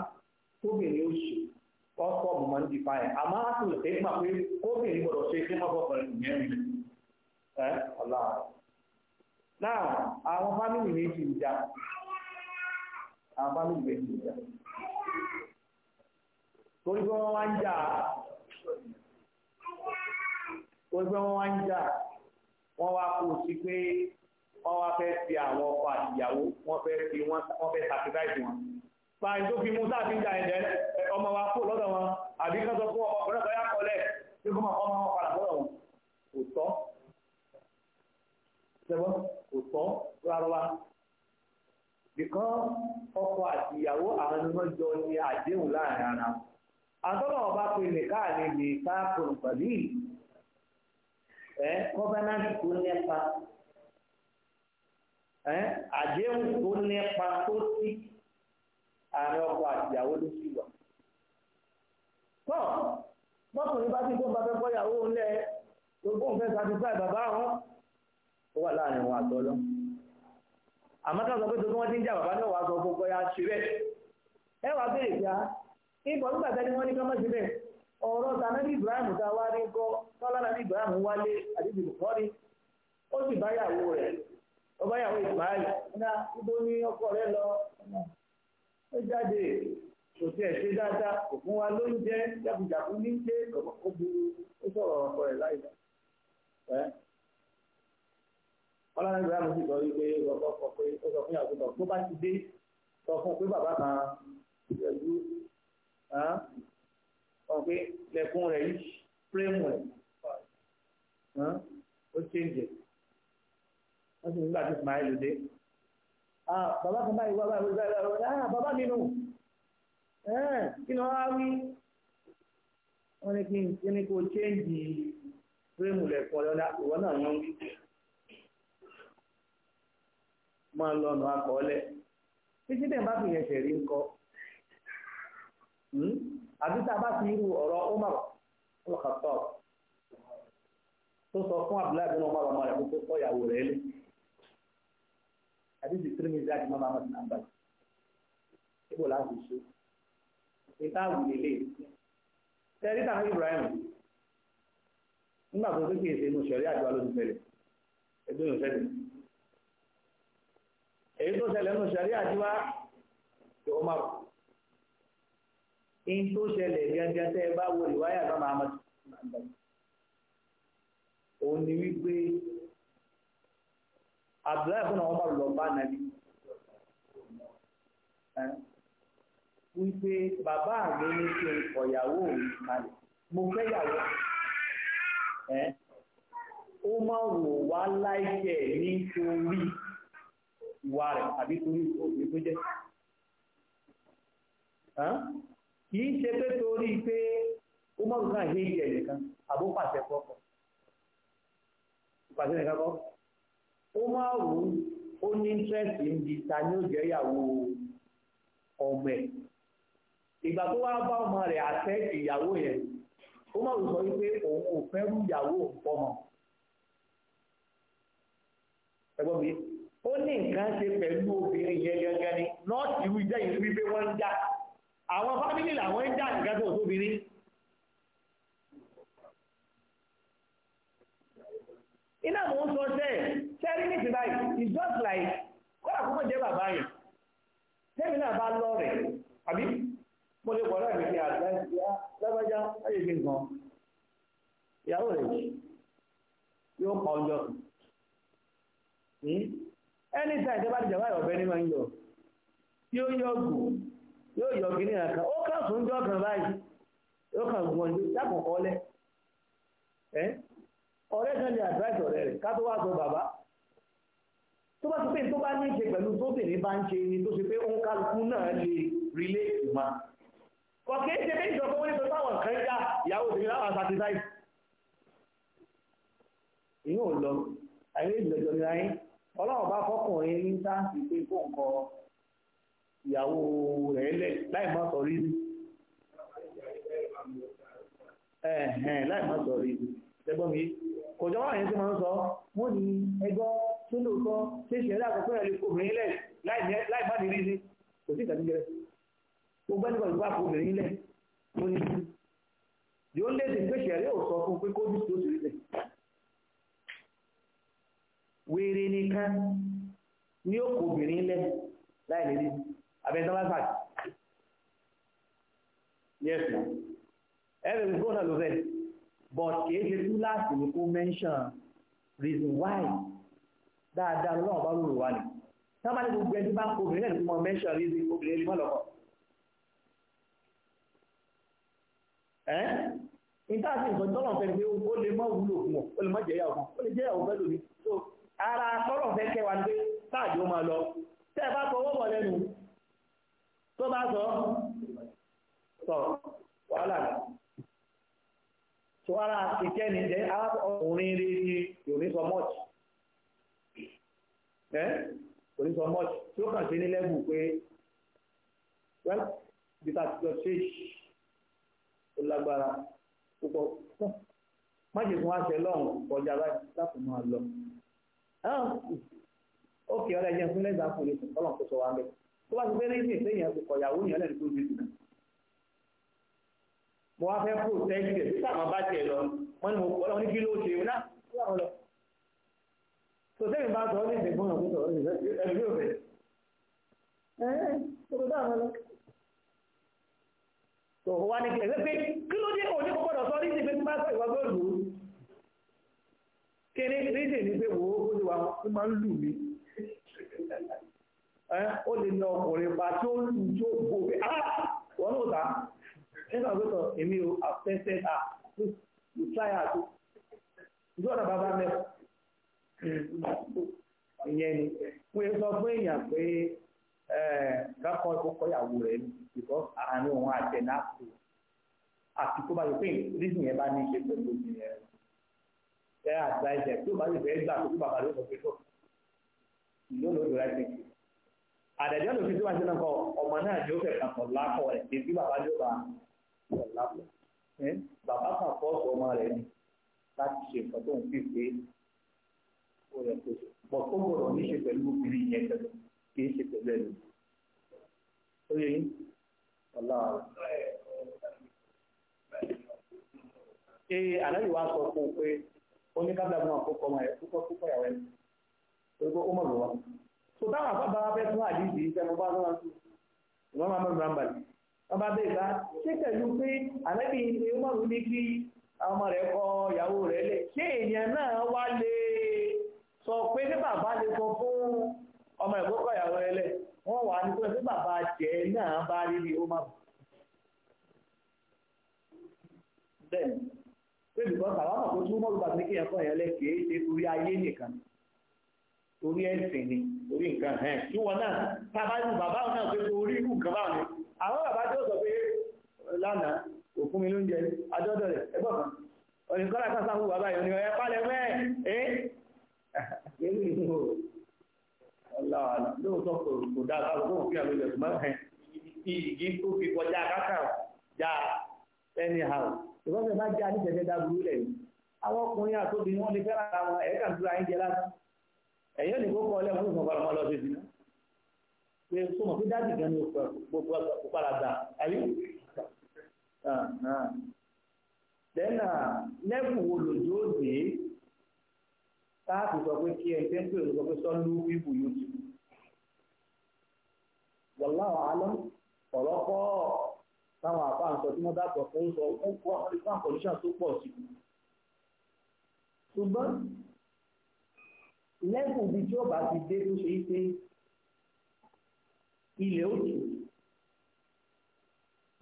tóbìnrin ó ṣe ọkọ̀ ní ìfà ẹ̀ àmọ́ á tún lè pé kóbìnrin ṣe ó gbé wọn wá ń jà wọn wá kó sí pé wọn wá fẹ́ fi àwọn ọkọ àtìyàwó wọn fẹ́ fi wọn fẹ́ sacrifice wọn pa ìjó fi mú sáà fi ń jà ẹ̀jẹ̀ ọmọ wa kó lọ́dọ̀ wọn àbí kán sọ fún ọ̀pọ̀lọpọ̀ tó yá kọlẹ̀ tí kò mọ̀ ọmọ wọn padà lọ́dọ̀ wọn kò tọ́ ṣẹ̀wọ́n kò tọ́ rárá wa bìkan ọkọ àti ìyàwó àwọn ọmọ jọ ní àdéhùn láàrin ara àtọ́lọ́wọ́ bá pe nìkan àlè nìkan kò pẹ̀lú ẹ kọ́fẹ́nàtì tó nípa ẹ àdéhùn tó tó ààrẹ ọkọ àtìyàwó ló sì wà. tọ́ bá ti gbọ́n bá fẹ́ fọ́yàwó ńlẹ̀ gbogbo nǹkan satisfy bàbá wọn ó wà láàrin wọn àtọ́lọ́ àmọ́ ká sọ pé tuntun wọ́n ti ń jà bàbá náà sọ fún ṣe bẹ́ẹ̀ ọ̀rọ̀ tànàbí Ibrahim tá a wá rí gọ́ tọ́lára ní Ibrahim wálé àdébì bùkọ́rí ó sì báyàwó rẹ̀ ó báyàwó ibo ní ọkọ rẹ lọ ó jáde kò tiẹ̀ ṣe dáadáa kò fún wa lóúnjẹ ní ṣe kò ó sọ̀rọ̀ ọkọ rẹ̀ láì lọ. ọlọ́run Ibrahim sì sọ wípé ọkọ pé ó sọ fún tó bá ti dé sọ fún pé bàbá ọ̀pẹ lẹ́kùn rẹ̀ yìí fírémù rẹ̀ ó ṣéǹjẹ̀ wọ́n sì nígbà tí Ismail dé bàbá kan báyìí wá báyìí wọ́n báyìí wọ́n ah bàbá mi nù kí ni wọ́n á wí wọ́n ní kí n ní kó ṣéǹjì fírémù lẹ́kùn rẹ̀ ìwọ náà wọ́n wí máa lọ ọ̀nà akọ̀ọ́lẹ̀ títí dẹ̀ bá fi yẹn ṣẹ̀rí ń kọ́ àbí tá a bá ti irú ọ̀rọ̀ Umar al-Khattab tó sọ fún Abdullahi bin Umar ọmọ rẹ̀ kó tó kọ́ ìyàwó rẹ̀ lé àbí ti tírí mi jáde mọ́ Muhammad nàmbà níbo láti ṣe níta àwùjọ ilé tẹ́rí tàbí Ibrahim nígbà tó tó kéèsè inú ṣẹ̀rí àjọ alóṣùfẹ́lẹ̀ ẹgbẹ́ ìṣẹ́lẹ̀ èyí tó ṣẹlẹ̀ inú ṣẹ̀rí àjọ wa ti Umar in tó ṣẹlẹ̀ gẹ́gẹ́ tẹ́ ẹ bá wo ìwáyà náà máa mọ̀ òun ni wípé Abdullahi fún àwọn ọmọ lọ bá nàbí wípé bàbá mi ní kí n kọ̀yàwó mi kalẹ̀ mo fẹ́ yàwó ó máa wò wá láìṣẹ̀ nítorí ìwà rẹ̀ àbí torí òbí tó jẹ́ kì í ṣe pé torí pé ó mọ̀rún náà hé ìyẹ̀ nìkan àbó pàṣẹ fọ́kọ̀ pàṣẹ nìkan kọ́ ó máa rù ú ó ní íńtírẹ́sì ń di ta ni ó jẹ́ ìyàwó ọmọ ẹ̀ ìgbà tó wá bá ọmọ rẹ̀ àṣẹ ìyàwó yẹn ó máa rù sọ wípé òun ò fẹ́ rú ìyàwó ọmọ ẹ̀gbọ́n mi ó ní nǹkan ṣe pẹ̀lú obìnrin yẹn gẹ́gẹ́ ni nọ́ọ̀tì wí jẹ́ ìrírí wọ́n ń já àwọn fámílì làwọn ń dà nǹkan tó tóbi rí iná mò ń sọ ṣẹ́ ṣẹ́rí ní ti báyìí it's just like kọ́lá kókó jẹ́ bàbá yẹn tẹ́mi náà bá lọ rẹ̀ àbí mo lè pọ̀ lọ́rẹ̀ mi àti ah, lágbájá láyé fi nǹkan ìyàwó rẹ̀ yóò pa ọjọ́ hmm? anytime tẹ́ bá ti jàmbá ìrọ̀bẹ ní máa ń yọ tí ó yọ gùn yóò yọ kí ní ẹ̀kan ó kàn sún jọ kan báyìí yóò kàn gun ọjọ́ dákùnkọ́ lẹ̀ ẹ́ ọ̀rẹ́ kan lè advice ọ̀rẹ́ rẹ̀ ká tó wá sọ bàbá tó bá ti pé tó bá ní í ṣe pẹ̀lú tóbìnrin bá ń ṣe ni tó ṣe pé òun kálukú náà lè rilé ìmọ̀ kọ̀kẹ́ ṣe pé ìjọba wọn ní táwọn kan já ìyàwó obìnrin láwọn sacrifice ìyóò lọ àyè ìjọjọ ni ayé ọlọ́run bá fọkùnrin ní sáǹsì pé kó nǹkan ìyàwó rẹ̀ lẹ̀ láì má sọ ẹ̀hẹ̀n láì sọ mi tí wọ́n sọ ní ẹgbọ́ tó ṣé ìṣẹ̀lẹ̀ àkọ́kọ́ lè kó obìnrin lẹ̀ kò sí ìtàjú jẹrẹ gbogbo ẹni kó obìnrin lẹ̀ ní yóò ò sọ fún pé kó tó sì rí lẹ̀ nìkan ni ó kó obìnrin abẹ́tọ́ bá sàkí yes ma ẹ̀rẹ̀ ìgbó náà ló fẹ́ but if you tú láti ní mention reason why that that bá about wà ní sábà ní gbogbo ẹni bá kó obìnrin mention reason obìnrin ẹni mọ́ lọ́kọ̀ ẹ́ nígbà tí nǹkan tọ́lọ̀ fẹ́ gbé ó lè mọ́ wúlò fún ọ ó My mọ́ jẹ́yàwó kan ó lè jẹ́yàwó fẹ́ lómi so ara tọ́lọ̀ fẹ́ kẹwàá ní pé táàdì ó máa lọ tẹ́ ẹ bá fọwọ́ bọ̀ lẹ́nu tó bá sọ sọ wàhálà tó ara ìkẹ́ ni jẹ́ ọkùnrin rí ní òní sọ mọ́ọ̀tì ẹ́ òní sọ mọ́ọ̀tì tí ó kàn sí ní lẹ́bù pé well bíta ti jọ ṣe ó lágbára púpọ̀ má jẹ́ fún àṣẹ lọ́hùn kọjá láti láti máa lọ ókè ọ̀rẹ́ jẹ́ fún lẹ́gbàá fún ìlú ọlọ́run tó sọ wa lẹ́yìn tó bá ti gbé ní ìsìn ìyẹn kò kọ̀yàwó yẹn lẹ́nu tó gbèsè náà mo wá fẹ́ protect ẹ̀ tí àwọn bá tiẹ̀ lọ wọ́n ní mo kọ́ lọ́wọ́ ní kí ló ṣe wọn náà wọ́n lọ. tó sẹ́yìn bá sọ ọ́ ní ìṣègùn ọ̀hún sọ̀rọ̀ ẹ̀mí yóò fẹ́ ẹ̀ẹ́ tó tó dáhùn lọ. tó o wá ní kí ẹ̀sẹ̀ pé kí ló dé òní kó gbọ́dọ̀ sọ ní ìṣègbè tí bá sọ ìwà góòlù kéde ní ìṣèlú pé wò ó ó ti wà ó máa ń lù mí ó lè na ọkùnrin pa tí ó lù tí ó ah, èmi ò àfẹ́fẹ́ à ló ìjọ ọ̀nà bàbá mẹ́ ìyẹn ni yẹ sọ fún èèyàn pé kákọ́ rẹ̀ àárín òun àti tó bá yẹ pé yẹn bá ní ṣe pẹ̀lú ẹ àgbà ẹ̀jẹ̀ tó bá yẹ fẹ́ gbà tó bàbá ló sọ pé ìlú ló àdàjọ́ ló fi tí wá sí náà kọ ọmọ náà ni ó fẹ̀ kàn sọ̀rọ̀ lápọ̀ rẹ̀ kí bí bàbá ní ó bá sọ̀rọ̀ lápọ̀ bàbá kan fọ́ọ̀sì ọmọ rẹ̀ ni láti ṣe nǹkan tó ń fi pé ó yẹ kó ṣe bọ̀ tó gbọ́dọ̀ ní ṣe pẹ̀lú obìnrin yẹn pẹ̀lú kì í ṣe pẹ̀lú ẹ̀lú ó yẹ yín ọ̀la ee àlejò wa sọ fún un pé oníkàdàgbọ́n àkókò ọmọ ẹ̀ púpọ̀ púpọ̀ so táwọn àbábá wa fẹ́ tún àdìsí ìṣẹ́nu bá náà sí ìwọ́n máa mọ̀ràn bàlì wọ́n bá bẹ́ẹ̀ bá ṣé pẹ̀lú pé àlẹ́bí ni ó mọ̀rún ní kí ọmọ rẹ̀ kọ ìyàwó sọ pé ní bàbá lè sọ fún ọmọ ìyàwó wà ní pé bàbá náà bá rí ni ó pé ní kí ṣe ayé orí ẹ̀sìn ni orí nǹkan ẹ̀ tí wọn náà tàbá ní bàbá náà pé orí irú nǹkan báwọn ni àwọn bàbá tó ó sọ pé lánàá òfún mi lóúnjẹ adọ́dọ̀ rẹ̀ ẹgbọ́n kan ọ̀nìkan láti sáfù bàbá yìí ọ̀nìyàn ẹ̀ pálẹ̀ mẹ́ ẹ̀ fi kọjá kákà já ẹni àrùn ìgbọ́n àwọn ọkùnrin àtòbí wọn lè fẹ́ràn àwọn ẹ̀yọ́ ní kókó ọlẹ́ fún ìfọ̀n faramọ́ lọ sí ìdíná pé tó mọ̀ pé dáàbì gan ni kò padà dà ayé lẹ́nà lẹ́kùn wo lòdì ó dé táàbù sọ pé kí ẹ ṣe ń pè lọ́sọ pé sọ́lú bíbù yóò ti wọ̀láwọ̀ alọ́ ọ̀rọ̀ pọ̀ táwọn àbáǹsọ tí wọ́n dàpọ̀ fún sọ fún fún àwọn ìfọ̀n kọ̀líṣàn tó pọ̀ sí ṣùgbọ́n lẹ́kùn ibi tí ọba ti dé tó ṣe pé ilẹ̀ òjò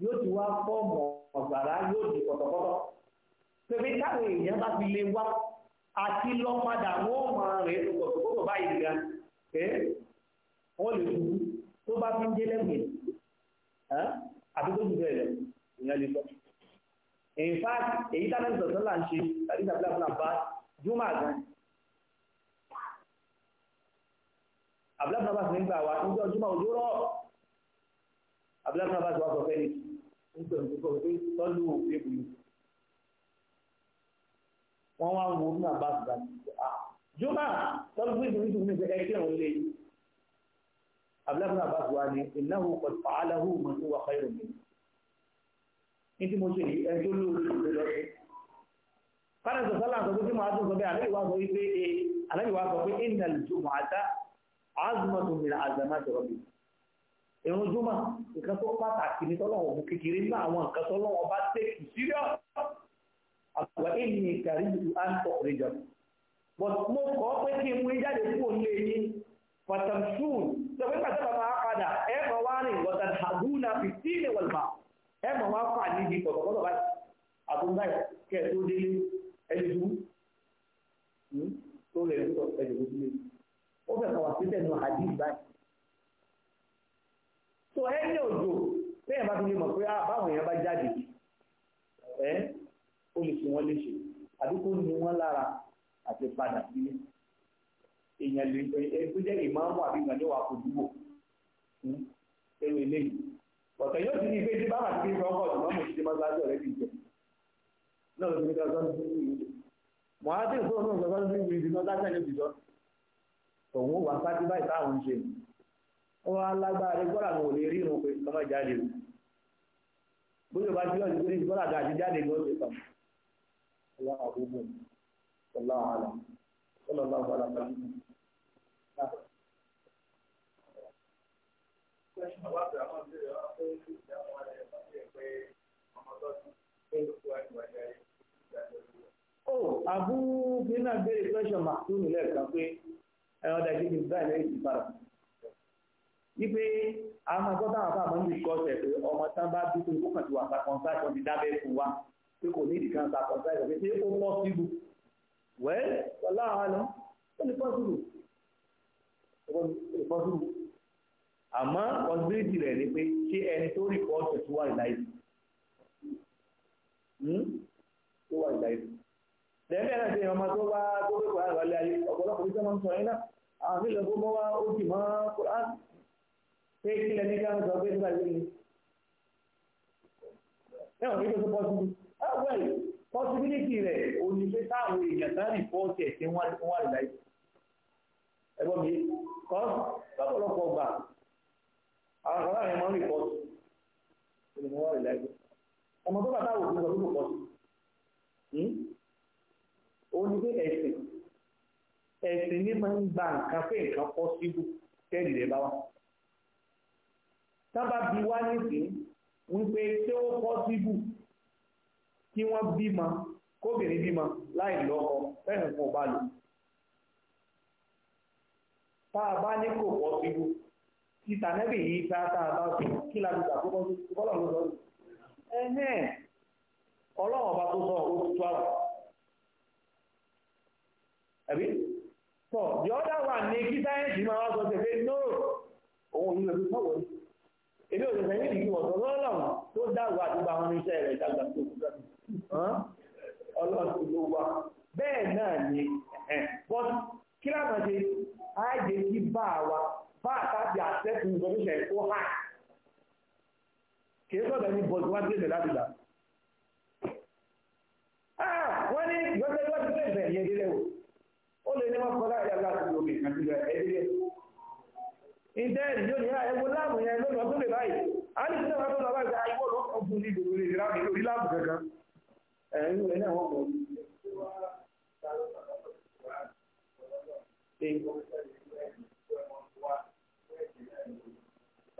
yóò ti wá fọ́ọ̀mù ọ̀gbàrá yóò di pọ̀tọ̀pọ̀tọ̀ pẹ̀lú táwọn èèyàn bá fi lè wá àti lọ padà wọ́n mọ̀ rẹ̀ pọ̀tọ̀pọ̀tọ̀ báyìí gan ẹ́ wọ́n lè dùn tó bá fi ń dé lẹ́kùn àti tó ti bẹ̀rẹ̀ ìyẹn lè sọ. in fact èyí táwọn ìsọ̀tọ́ là ń ṣe tàbí tàbí tàbí tàbí jùmọ̀ àgbọn abúlábùn abá sì ń gbà wá níjọ́ ọjọ́mọ̀ òjò rọ̀ abúlábùn abá sì wá sọ fẹ́ ní ń pè ní kókó pé tọ́lú òfébù yìí wọ́n wá ń wo ah, ní abá sì dá jùmọ̀ tọ́lú fún ìdúró ìdúró níbi ẹgbẹ́ òun lé abúlábùn abá sì wá ní ìnáwó pẹ̀lú fàálàhù mọ̀ ní wà fẹ́ ìròyìn ní tí mo ṣe yìí ẹjọ́ lórí ìlú lọ́sẹ̀ azmatu min azamati rabbi ìrun júmọ̀ nǹkan tó pàtàkì ní tọ́lọ́wọ̀ mú kékeré ní àwọn nǹkan tọ́lọ́wọ̀ bá tẹ́kì síríọ̀ àgbà èyí kàrí ju àǹtọ̀ rẹjọ but mo kọ́ pé kí n mú jáde kúrò ní eyín fatamsun tó pé pàtàkì bàbá padà ẹ mọ̀ wá rìn wọ̀tàn àbúnà fìtínì wọ̀lmà ẹ mọ̀ wá fà níbi pọ̀tọ̀pọ̀tọ̀ báyìí kẹ́ẹ̀ tó délé ẹ̀dùn hmm? tó lè lọ ó fẹ́ kàn wá síbẹ̀ nù hadith báyìí tó ẹ ní òjò bẹ́ẹ̀ bá fi lè mọ̀ pé ah, báwọn èèyàn bá jáde ẹ ó lè fi wọ́n léṣe àbí kó nu wọ́n lára àti padà sílé èèyàn lè tó jẹ́ ìmáàmù àbí ìgbàlẹ́ wà fojú wò fún hmm? ẹrù eléyìí ọ̀tọ̀ yóò ti ní ibi tí báwọn àti ibi ọkọ̀ ọ̀dùnmọ́ mo ti di mọ́sáájú ọ̀rẹ́ ti jẹ náà ló fi ní ká sọ́nù sí ìwé mọ̀ á ti sọ́nù sọ́nù sí ìwé ìdí mọ́sáájú ọ̀rẹ́ ti jọ òun ó wà pátí báyìí táwọn ń ṣe ó wá lágbára rẹ gbọ́dọ̀ àwọn ò lè rí irun pé ọmọ jáde o bóyá bá ti lọ́ọ̀dì pé gbọ́dọ̀ àti jáde ni ó ṣe tàn ọlọ́run àbúgbò ọlọ́run àlà ọlọ́run àbúgbò àlà. Oh, Abu Bina béèrè question Maktun lẹ́ẹ̀kan pé ẹ̀rọ ọ̀dà ìdíje ìgbà ìlú èyí ìbára. wípé àwọn agbọ́dọ̀ àwọn àmọ́ ní ìkọ́sẹ̀ pé ọmọ tán bá dúró tó kàn ti wà pa kọ́ńtàṣọ́ ti dábẹ́ fún wa pé kò ní ìdìkan ta kọ́ńtàṣọ́ pé ṣé ó pọ̀ síbu wẹ́ẹ́ wọlá àlọ́ ó lè pọ̀ síbu ó lè pọ̀ síbu àmọ́ possibility rẹ̀ ni pé ṣé ẹni tó rìpọ́ọ̀tù tó wà ìlà hmm? tó wà ìlà tẹ́lẹ̀ náà ṣe ọmọ tó bá tó fẹ́ kùrán ìwálé ayé ọ̀pọ̀lọpọ̀ iṣẹ́ máa ń sọ yín náà àwọn sílẹ̀ tó bọ́ wá ó sì mọ́ kùrán pé kí lẹ ní káwọn sọ nígbà yìí ni ẹ̀wọ̀n kí ló tó pọ́sibú ọ̀wẹ́l pọ́sibílítì ah, rẹ̀ ò ní pé táwọn èèyàn tán rí fọ́ọ̀tì ẹ̀ tí wọ́n wà láyé ẹgbọ́n mi kọ́ lọ́pọ̀lọpọ̀ gbà àwọn kan òun ese ese ẹ̀sìn ẹ̀sìn gba nǹkan pé nǹkan pọ́ síbù tẹ́lì rẹ̀ bá wà sábà wípé tí ó pọ́ síbù kí wọ́n bímọ kóbìnrin láì lò tá a bá ní kò pọ́ síbù títà yìí tá a bá sọ kí la àbí so the other one ni kí sáyẹ́ǹsì máa wá sọ pé pé no òun òun lòdì fún òun èmi ò lè sẹ́yìn ìdí wọ̀ sọ lọ́lọ́run tó dáwọ́ àti bá wọn iṣẹ́ rẹ̀ dàgbà tó kú dàbí ọlọ́run ló wà bẹ́ẹ̀ náà ni but kí láwọn ṣe á jẹ́ kí bá wa bá àtàbí àtẹ́kùn ìgbọ́nṣẹ́ kó hàn kìí sọ̀dọ̀ ní bọ̀dù wá gbèsè láti gbà. Ah, wọ́n ní ìgbésẹ̀ wọ́n ti gbèsè yẹn délẹ̀ o ó lè ní wọ́n kọ́ láti aláàbò omi àti ìgbà ẹ̀dẹ́gbẹ́ ìdẹ́ ẹ̀rí yóò ní ah, ẹwọ láàmù yẹn lónà tó lè báyìí a ní sí ẹ̀rọ tó lọ báyìí àìwọ̀ ah, ló kọ́ fún ní ìdòwò lè rà mí lórí láàmù kankan ẹ̀rí rẹ̀ náà wọ́n kọ́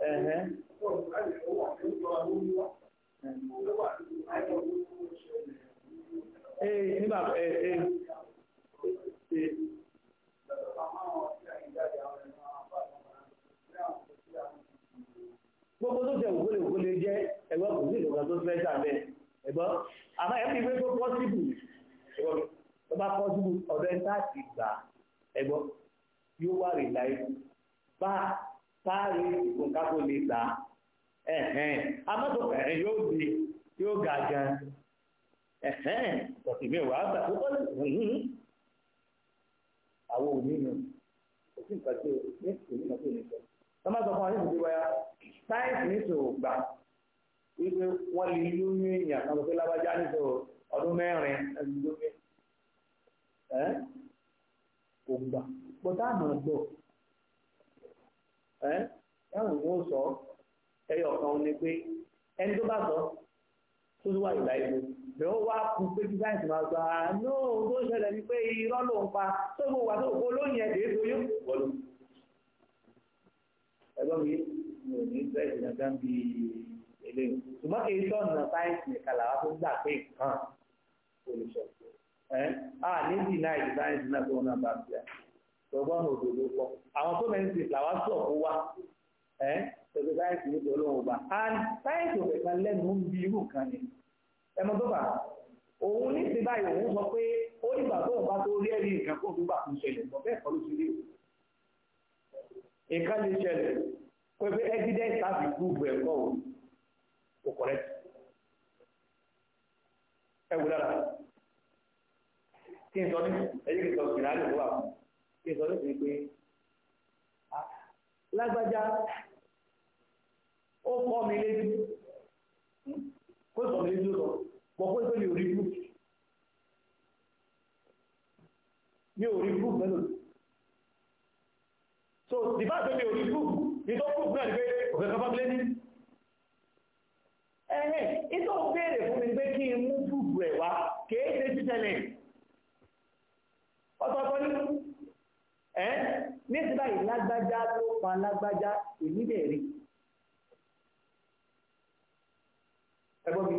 ẹ̀hẹ́ Ee, nígbà ẹ̀ẹ́ gbogbo tó jẹ ògbólè ògbólè jẹ ẹgbẹ́ kò sí ìdọ̀gba tó fẹ́ẹ́ sàbẹ̀ ẹgbọ́ àmọ́ ẹ̀fí pé tó pọ́sibù tó bá pọ́sibù ọ̀dọ̀ ẹ̀ta ti gbà ẹgbọ́ yóò wà rí láì bá táàrí ìgbòǹkàkó lè gbà ẹ̀hẹ́n amọ́tò ẹ̀rìn yóò di yóò ga gan ẹ̀hẹ́n tọ̀sí mi wàá gbà tó pọ́sibù àwọn òní nù òsì nǹkan tí ní òní nǹkan tí ò ní sọ tọ́mọ́ sọ fún wa nítorí wáyà sáyẹ́ǹsì ní sòrò gbà wípé wọ́n lè lóyún èèyàn kan sọ pé lábájá ní sòrò ọdún mẹ́rin ẹni lóyún ẹ́ kò gbà pọ̀tá àmọ́ gbọ́ ẹ́ ẹ̀rùn ìwọ sọ ẹyọ kan ni pé ẹni tó bá sọ tó wà ìlà ìlú ló wá kú pé kí sáyẹ̀nsì máa gba àánú tó ṣẹlẹ̀ ní pé irọ́ ló ń pa tó gbogbo àti òkú olóyìn ẹ̀dẹ̀ ètò yóò wọlé. ẹgbọ́n mi mi ò ní fẹ́ ìdàgbà bí eléyìí ṣùgbọ́n kì í sọ̀nà sáyẹ̀nsì nìkan làwọn tó gbà pé nǹkan kò lè sọ. ẹ á níbi náà ìdí sáyẹ̀nsì náà tó wọn náà bá fi à ṣùgbọ́n òdòdó pọ àwọn tó mẹ́rin ti làwọn sọ̀ fún wa ẹ ṣùgbọ́n sáyẹ̀nsì níbi olóhùn ọba and sáyẹ̀nsì òfẹ̀kan lẹ́nu ń bi ẹmọ tó bá òun ní ti báyìí òun sọ pé ó nígbà tó bá tó rí ẹ̀rí nǹkan kó nígbà tó ṣẹlẹ̀ mọ́ bẹ́ẹ̀ kọ́ ló ti rí o nǹkan lè ṣẹlẹ̀ pé pé evidence láti prove ẹ̀kọ́ o kò correct ẹ wò dára kí n sọ ní ẹyẹ kí n sọ sìnárì tó wà kí n sọ ní pé ah, lágbájá ó kọ́ mi létí hmm? kó sọ mi létí ó sọ gbọ́pọ̀ ìgbé mi ò rí proof mi ò mẹ́lò so dìbà pé mi ò rí proof ní tó proof náà ni pé ọ̀fẹ́ kan fábílẹ́ ní ẹ̀hẹ́ ìtọ́ béèrè fún mi pé kí n mú proof rẹ̀ wá kèé ṣe títẹ̀lẹ̀ ọ̀tọ̀ọ̀tọ̀ ní ẹ́ ní ti báyìí lágbájá tó pa lágbájá èmi ẹgbọ́n mi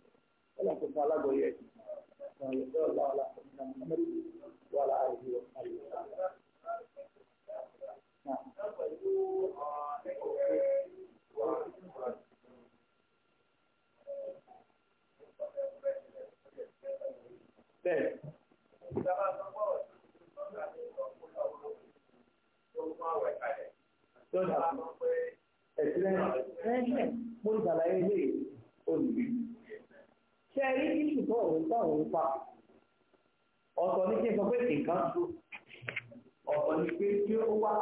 ولا تفعل بويك ويقول الله على سيدنا محمد وعلى آله وصحبه وسلم نعم bẹ́ẹ̀. Lọ́dà ẹ̀sìn ẹ̀ ẹ̀ mo ń ṣàlàyé ilé olùbí. ṣe rí iṣu tó òun tó òun pa ọ̀tọ̀ ní kí n sọ pé nǹkan tó ọ̀tọ̀ ní pé tí ó wà